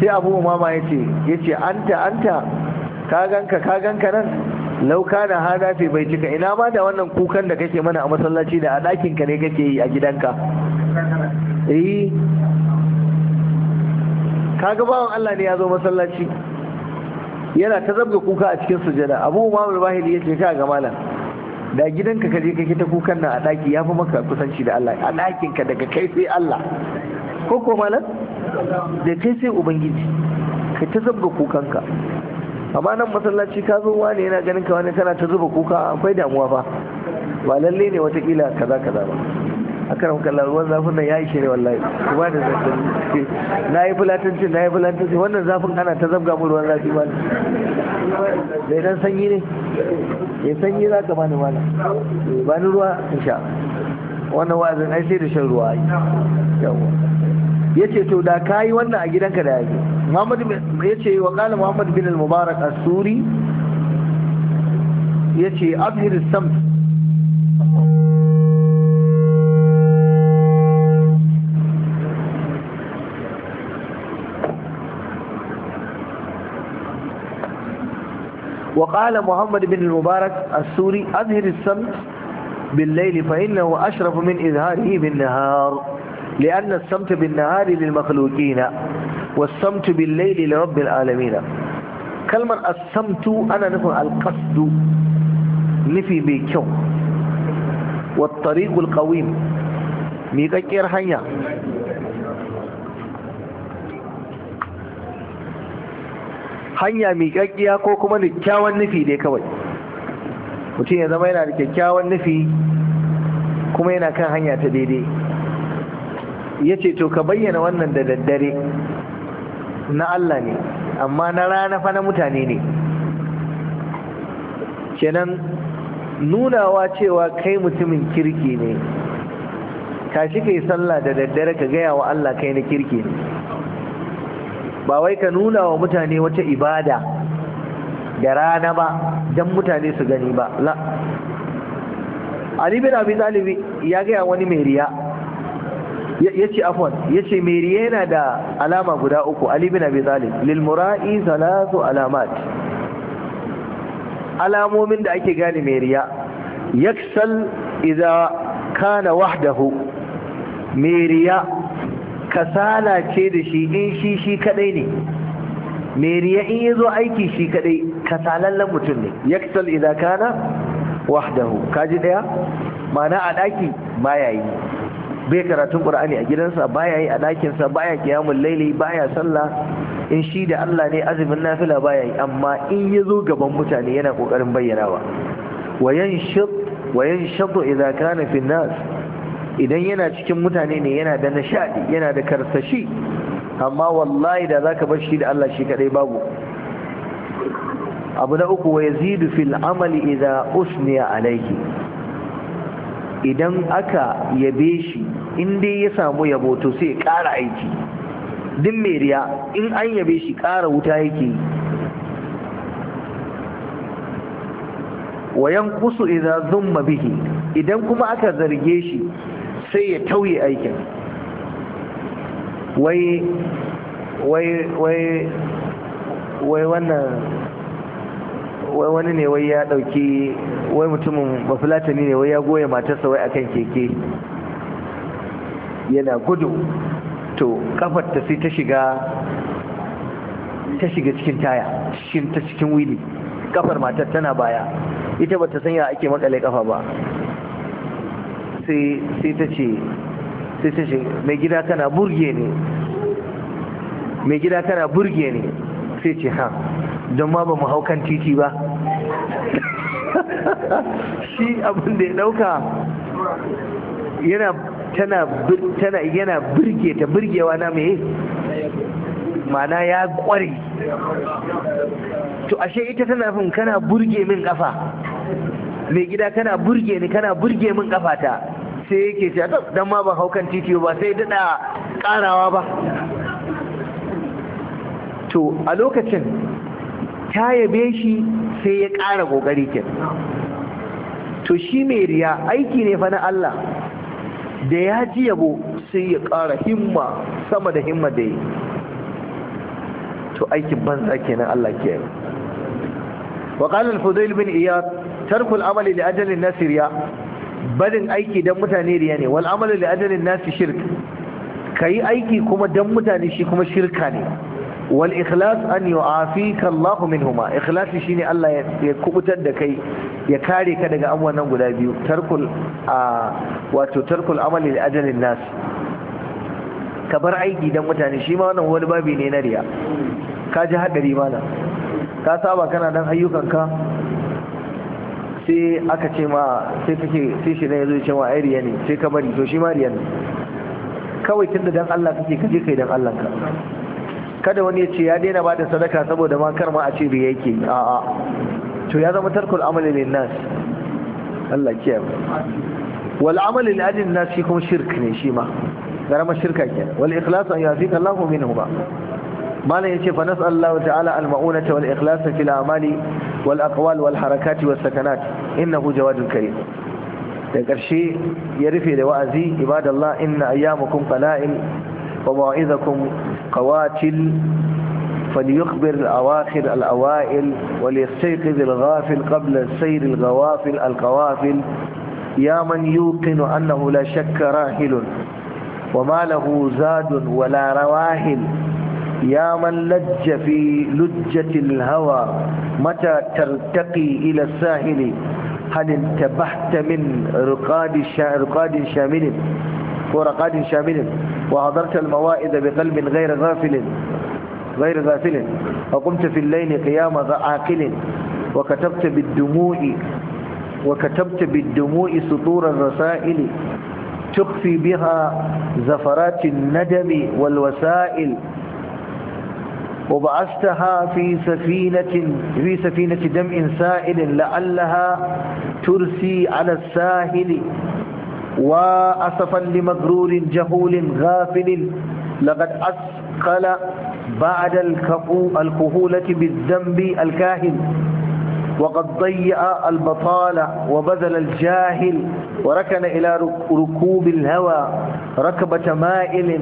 sai abu umama yace yace anta anta ka ganka ka ganka nan lauka na hada fi bai cika ina ma da wannan kukan da kake mana a masallaci da a ɗakin ka ne kake yi a gidanka eh ga bawon Allah ne ya zo masallaci yana ta zabga kuka a cikin sujada abu mamul bahili ya ce ka ga malam da gidanka kaje kake ta kukan nan a daki yafi maka kusanci da Allah a dakin ka daga kai sai Allah ko ko malam da kai sai ubangiji ka ta zabga kukanka amma nan masallaci ka zo wani yana ganin ka wani kana ta zuba kuka akwai damuwa fa ba lalle ne watakila kaza kaza ba akan hukallar ruwan zafin nan ya yi shi ne wallahi kuma da zafin na yi fulatanci na yi fulatanci wannan zafin ana ta zabga mu ruwan zafi ba bai dan sanyi ne ya sanyi za ka bani wani bani ruwa in sha wannan wa'azin ai sai da shan ruwa yawa ya ce to da ka yi wannan a gidanka da yaji محمد yace وقال محمد بن المبارك السوري mubarak أظهر السمت وقال محمد بن المبارك السوري أظهر السمت بالليل فإنه أشرف من إظهاره بالنهار لأن السمت بالنهار للمخلوقين wasamtu bil laili li rabbil alamin kalmar asamtu ana nufin alqasdu nufi mai kyau wa tariqul qawim miƙaƙƙiyar hanya hanya miƙaƙƙiya ko kuma da kyakkyawan nufi dai kawai mutum ya zama yana da kyakkyawan nufi kuma yana kan hanya ta daidai ya ce to ka bayyana wannan da daddare na Allah ne amma na rana fa na mutane ne kenan nunawa cewa kai mutumin kirki ne Ka shi kai sallah da daddare ka gaya wa Allah kai na kirki ne ba wai ka nuna wa mutane wata ibada da rana ba don mutane su gani ba la Ali bin Abi Talib ya gaya wani mai riya Ya ce Ya ya yace meri yana da alama guda uku ali bin abi lil mura'i alamat alamomin da ake gane meriya yaksal idza kana wahdahu meriya kasala ce da shi in shi shi kadai ne meriya in yi zo aiki shi kadai kasalallen mutum ne yaksal idza kana wahdahu kaji daya mana a daki ba yayi bai karatun qur'ani a gidansa baya yi a dakinsa baya kiyamun laili baya sallah in shi da Allah ne azumin nafila baya yi amma in ya zo gaban mutane yana kokarin bayyanawa wa yanshid wa yanshadu idza kana fi nas idan yana cikin mutane ne yana da nishadi yana da karsashi amma wallahi da zaka bar shi da Allah shi kadai babu abu na uku wa yazidu fil amali idza usniya alayhi idan aka yabe shi in dai ya samu yabo to sai ya ƙara aiki duk mai riya in an yabe shi ƙara wuta yake yi wayan kusu idan zumma bihi idan kuma aka zarge shi sai ya tauye aikin wai wai wai wai wannan wai wani ne wai ya dauki wai mutumin bafulatani ne wai ya goya matarsa wai akan keke yana gudu to kafar ta sai ta shiga ta shiga cikin taya cikin ta cikin wili kafar matar tana baya ita bata san ya ake makale kafa ba sai ta ce sai ta ce mai gida kana burge ne mai gida kana burge ne sai ce ha don ma ba mu hau kan titi ba shi abin da ya dauka yana tana tana yana birge ta birgewa na mai mana ya kware to ashe ita tana fin kana burge min kafa mai gida kana burge ni kana burge min kafa ta sai yake ce dan ma ba haukan titi ba sai dada karawa ba to a lokacin ta yabe shi sai ya kara kokari ke to shi mai riya aiki ne fa na Allah da ya ji yabo sai ya ƙara himma sama da himma da yi to aikin banza kenan Allah ke yi wa qala al-fudayl bin iyad tarku al-amali li ajali an-nas barin aiki dan mutane riya ne wal amali li ajali an-nas Ka kai aiki kuma dan mutane shi kuma shirka ne wal ikhlas an yu'afika huma!" minhuma ikhlasi ne Allah ya kubutar da kai ya kare ka daga abubuwan guda biyu tarkul a wato tarkul amali da ajalin nasu ka bar aiki don mutane shi ma wannan wani babi ne na riya ka ji haɗari mana ka saba kana don ayyukanka sai aka ce ma sai kake sai shi na ya zo ce ma ai riya ne sai ka bari to shi ma riya ne kawai tunda don Allah kake ka je kai don Allah ka kada wani ya ce ya daina ba da sadaka saboda ma kar ma a ce riya yake a'a to ya zama tarkul amali lin nas Allah kiyaye والعمل الذي الناس يكون شرك نشيما غرام الشرك والإخلاص أن يعافيك الله منهما ما لا ينشي فنسأل الله تعالى المؤونة والإخلاص في الأعمال والأقوال والحركات والسكنات إنه جواد كريم لكرشي يرفي لوأزي عباد الله إن أيامكم قلائل ومواعظكم قواتل فليخبر الأواخر الأوائل وليستيقظ الغافل قبل السير الغوافل القوافل يا من يوقن أنه لا شك راحل وما له زاد ولا رواحل يا من لج في لجة الهوى متى ترتقي إلى الساحل هل انتبهت من رقاد رقاد شامل ورقاد شامل وحضرت الموائد بقلب غير غافل غير غافل وقمت في الليل قيام عاقل وكتبت بالدموع وكتبت بالدموع سطور الرسائل تخفي بها زفرات الندم والوسائل وبعثتها في سفينة في سفينة دم سائل لعلها ترسي على الساهل وأسفا لمغرور جهول غافل لقد أثقل بعد الكهولة بالذنب الكاهن وقد ضيأ البطالة وبذل الجاهل وركن إلى ركوب الهوى ركبة مائل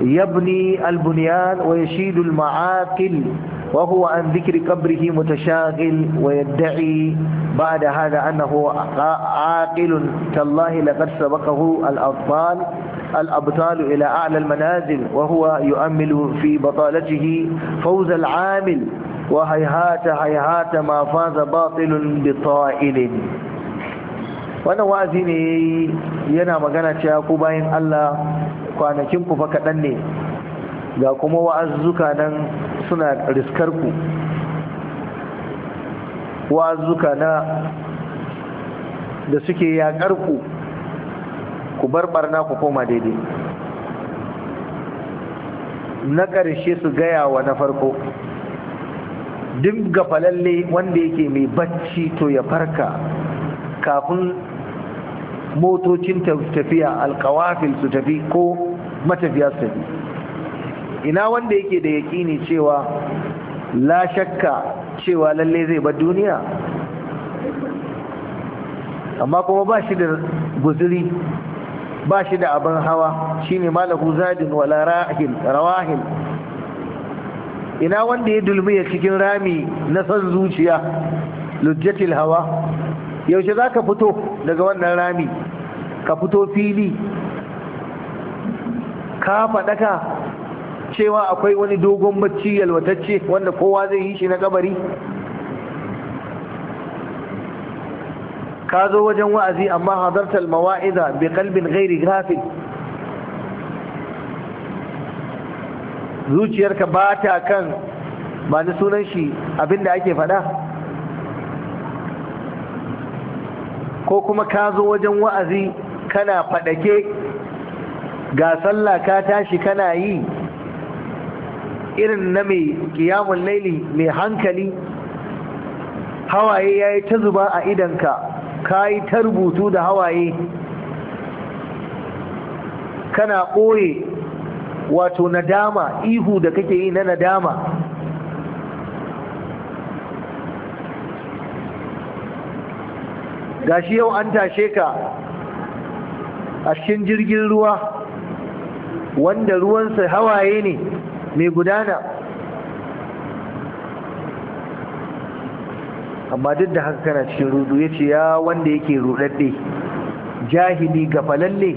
يبني البنيان ويشيد المعاقل وهو عن ذكر قبره متشاغل ويدعي بعد هذا أنه عاقل تالله لقد سبقه الأبطال الأبطال إلى أعلى المنازل وهو يؤمل في بطالته فوز العامل وهيهات ma faza batilun bi ta'ilin wannan wa'azi ne yana magana cewa ku bayan Allah kwanakin ku fa kaɗan ne ga kuma wa'azzuka nan suna riskar ku wa'azzuka na da suke yaƙar ku ku bar barna ku koma daidai na ƙarshe su gaya wa na farko duk ga falalle wanda yake mai bacci to ya farka kafin motocin tafiya alkawafin su tafi ko matafiya su tafi ina wanda yake da yaƙini cewa la shakka cewa lalle zai bar duniya amma kuma ba shi da guzuri ba shi da abin hawa shine malahu zadin wala rahil rawahil ina wanda ya ya cikin rami na son zuciya lujjatil hawa yaushe za ka fito daga wannan rami ka fito fili ka faɗaka cewa akwai wani dogon bacci yalwatacce wanda kowa zai yi shi na kabari ka zo wajen wa'azi amma hadartar mawa'iza bi kalbin gairi gafin zuciyarka ba ta kan ba da sunan shi abinda ake faɗa ko kuma ka zo wajen wa'azi kana faɗake ga sallah ka tashi kana yi irin na mai kiyamun laili mai hankali hawaye ya yi ta zuba a idanka ka yi ta rubutu da hawaye kana ɓoye wato nadama ihu da kake yi na nadama gashi yau an tashe ka a cikin jirgin ruwa wanda ruwansa hawaye ne mai gudana amma duk da haka kana cikin rudu ya ce ya wanda yake rudadde jahili gafalalle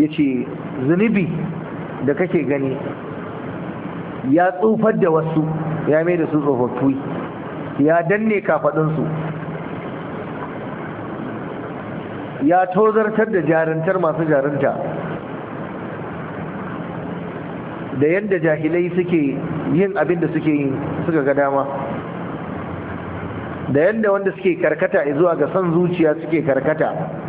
Ya ce zunubi da kake gani ya tsufar da wasu ya mai da su tsofaffi ya danne kafaɗinsu ya tozartar da jarantar masu jaranta da yadda jahilai suke yin abin da suke yi suka ga dama da yadda wanda suke karkata zuwa ga son zuciya suke karkata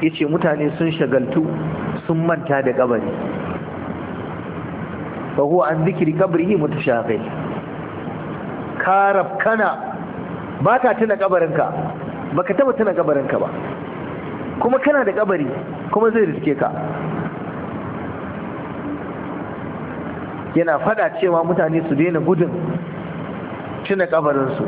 yace mutane sun shagaltu sun manta da kabari fa huwa an zikri kabrihi mutashaghil karab kana ba ka tuna kabarinka ka taba tuna kabarinka ba kuma kana da kabari kuma zai riske ka yana fada cewa mutane su daina gudun tuna kabarinsu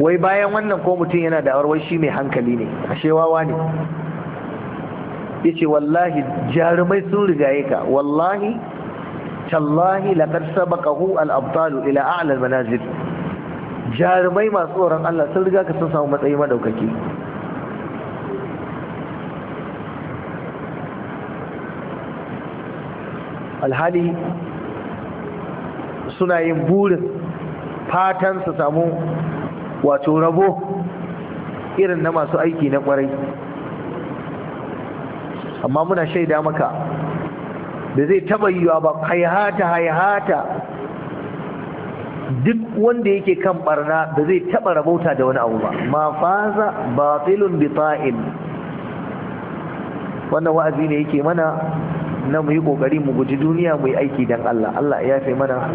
wai bayan wannan ko mutum yana da awar shi mai hankali ne ashe wawa ne ce wallahi jarumai sun rigaye ka wallahi tallahi laqad sabaka al al'abtalu ila alal manazir jarumai masu tsoron Allah sun riga ka sun samu matsayi madaukaki alhali suna yin burin fatan su samu wato rabo irin na masu aiki na kwarai amma muna shaida maka da zai taba yiwa ba haihata haihata duk wanda yake kan barna da zai taba rabauta da wani abu ba ma faza batilun bita'il wannan wa'azi ne yake mana na muyi yi kokari mu guji duniya mu yi aiki dan Allah Allah ya yafe mana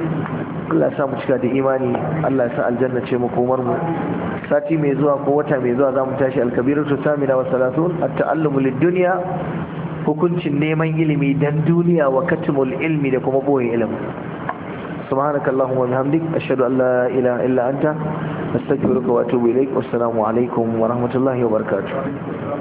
Allah mu cika da imani Allah sa aljanna ce makomar mu sati mai zuwa ko wata mai zuwa za mu tashi alkabiratu samina wa salatun at-ta'allumu lid-dunya hukuncin neman ilimi dan duniya wa katimul ilmi da kuma boye ilimi subhanakallahumma wa bihamdik ashhadu an la ilaha illa anta astaghfiruka wa atubu ilaik wassalamu alaikum wa rahmatullahi wa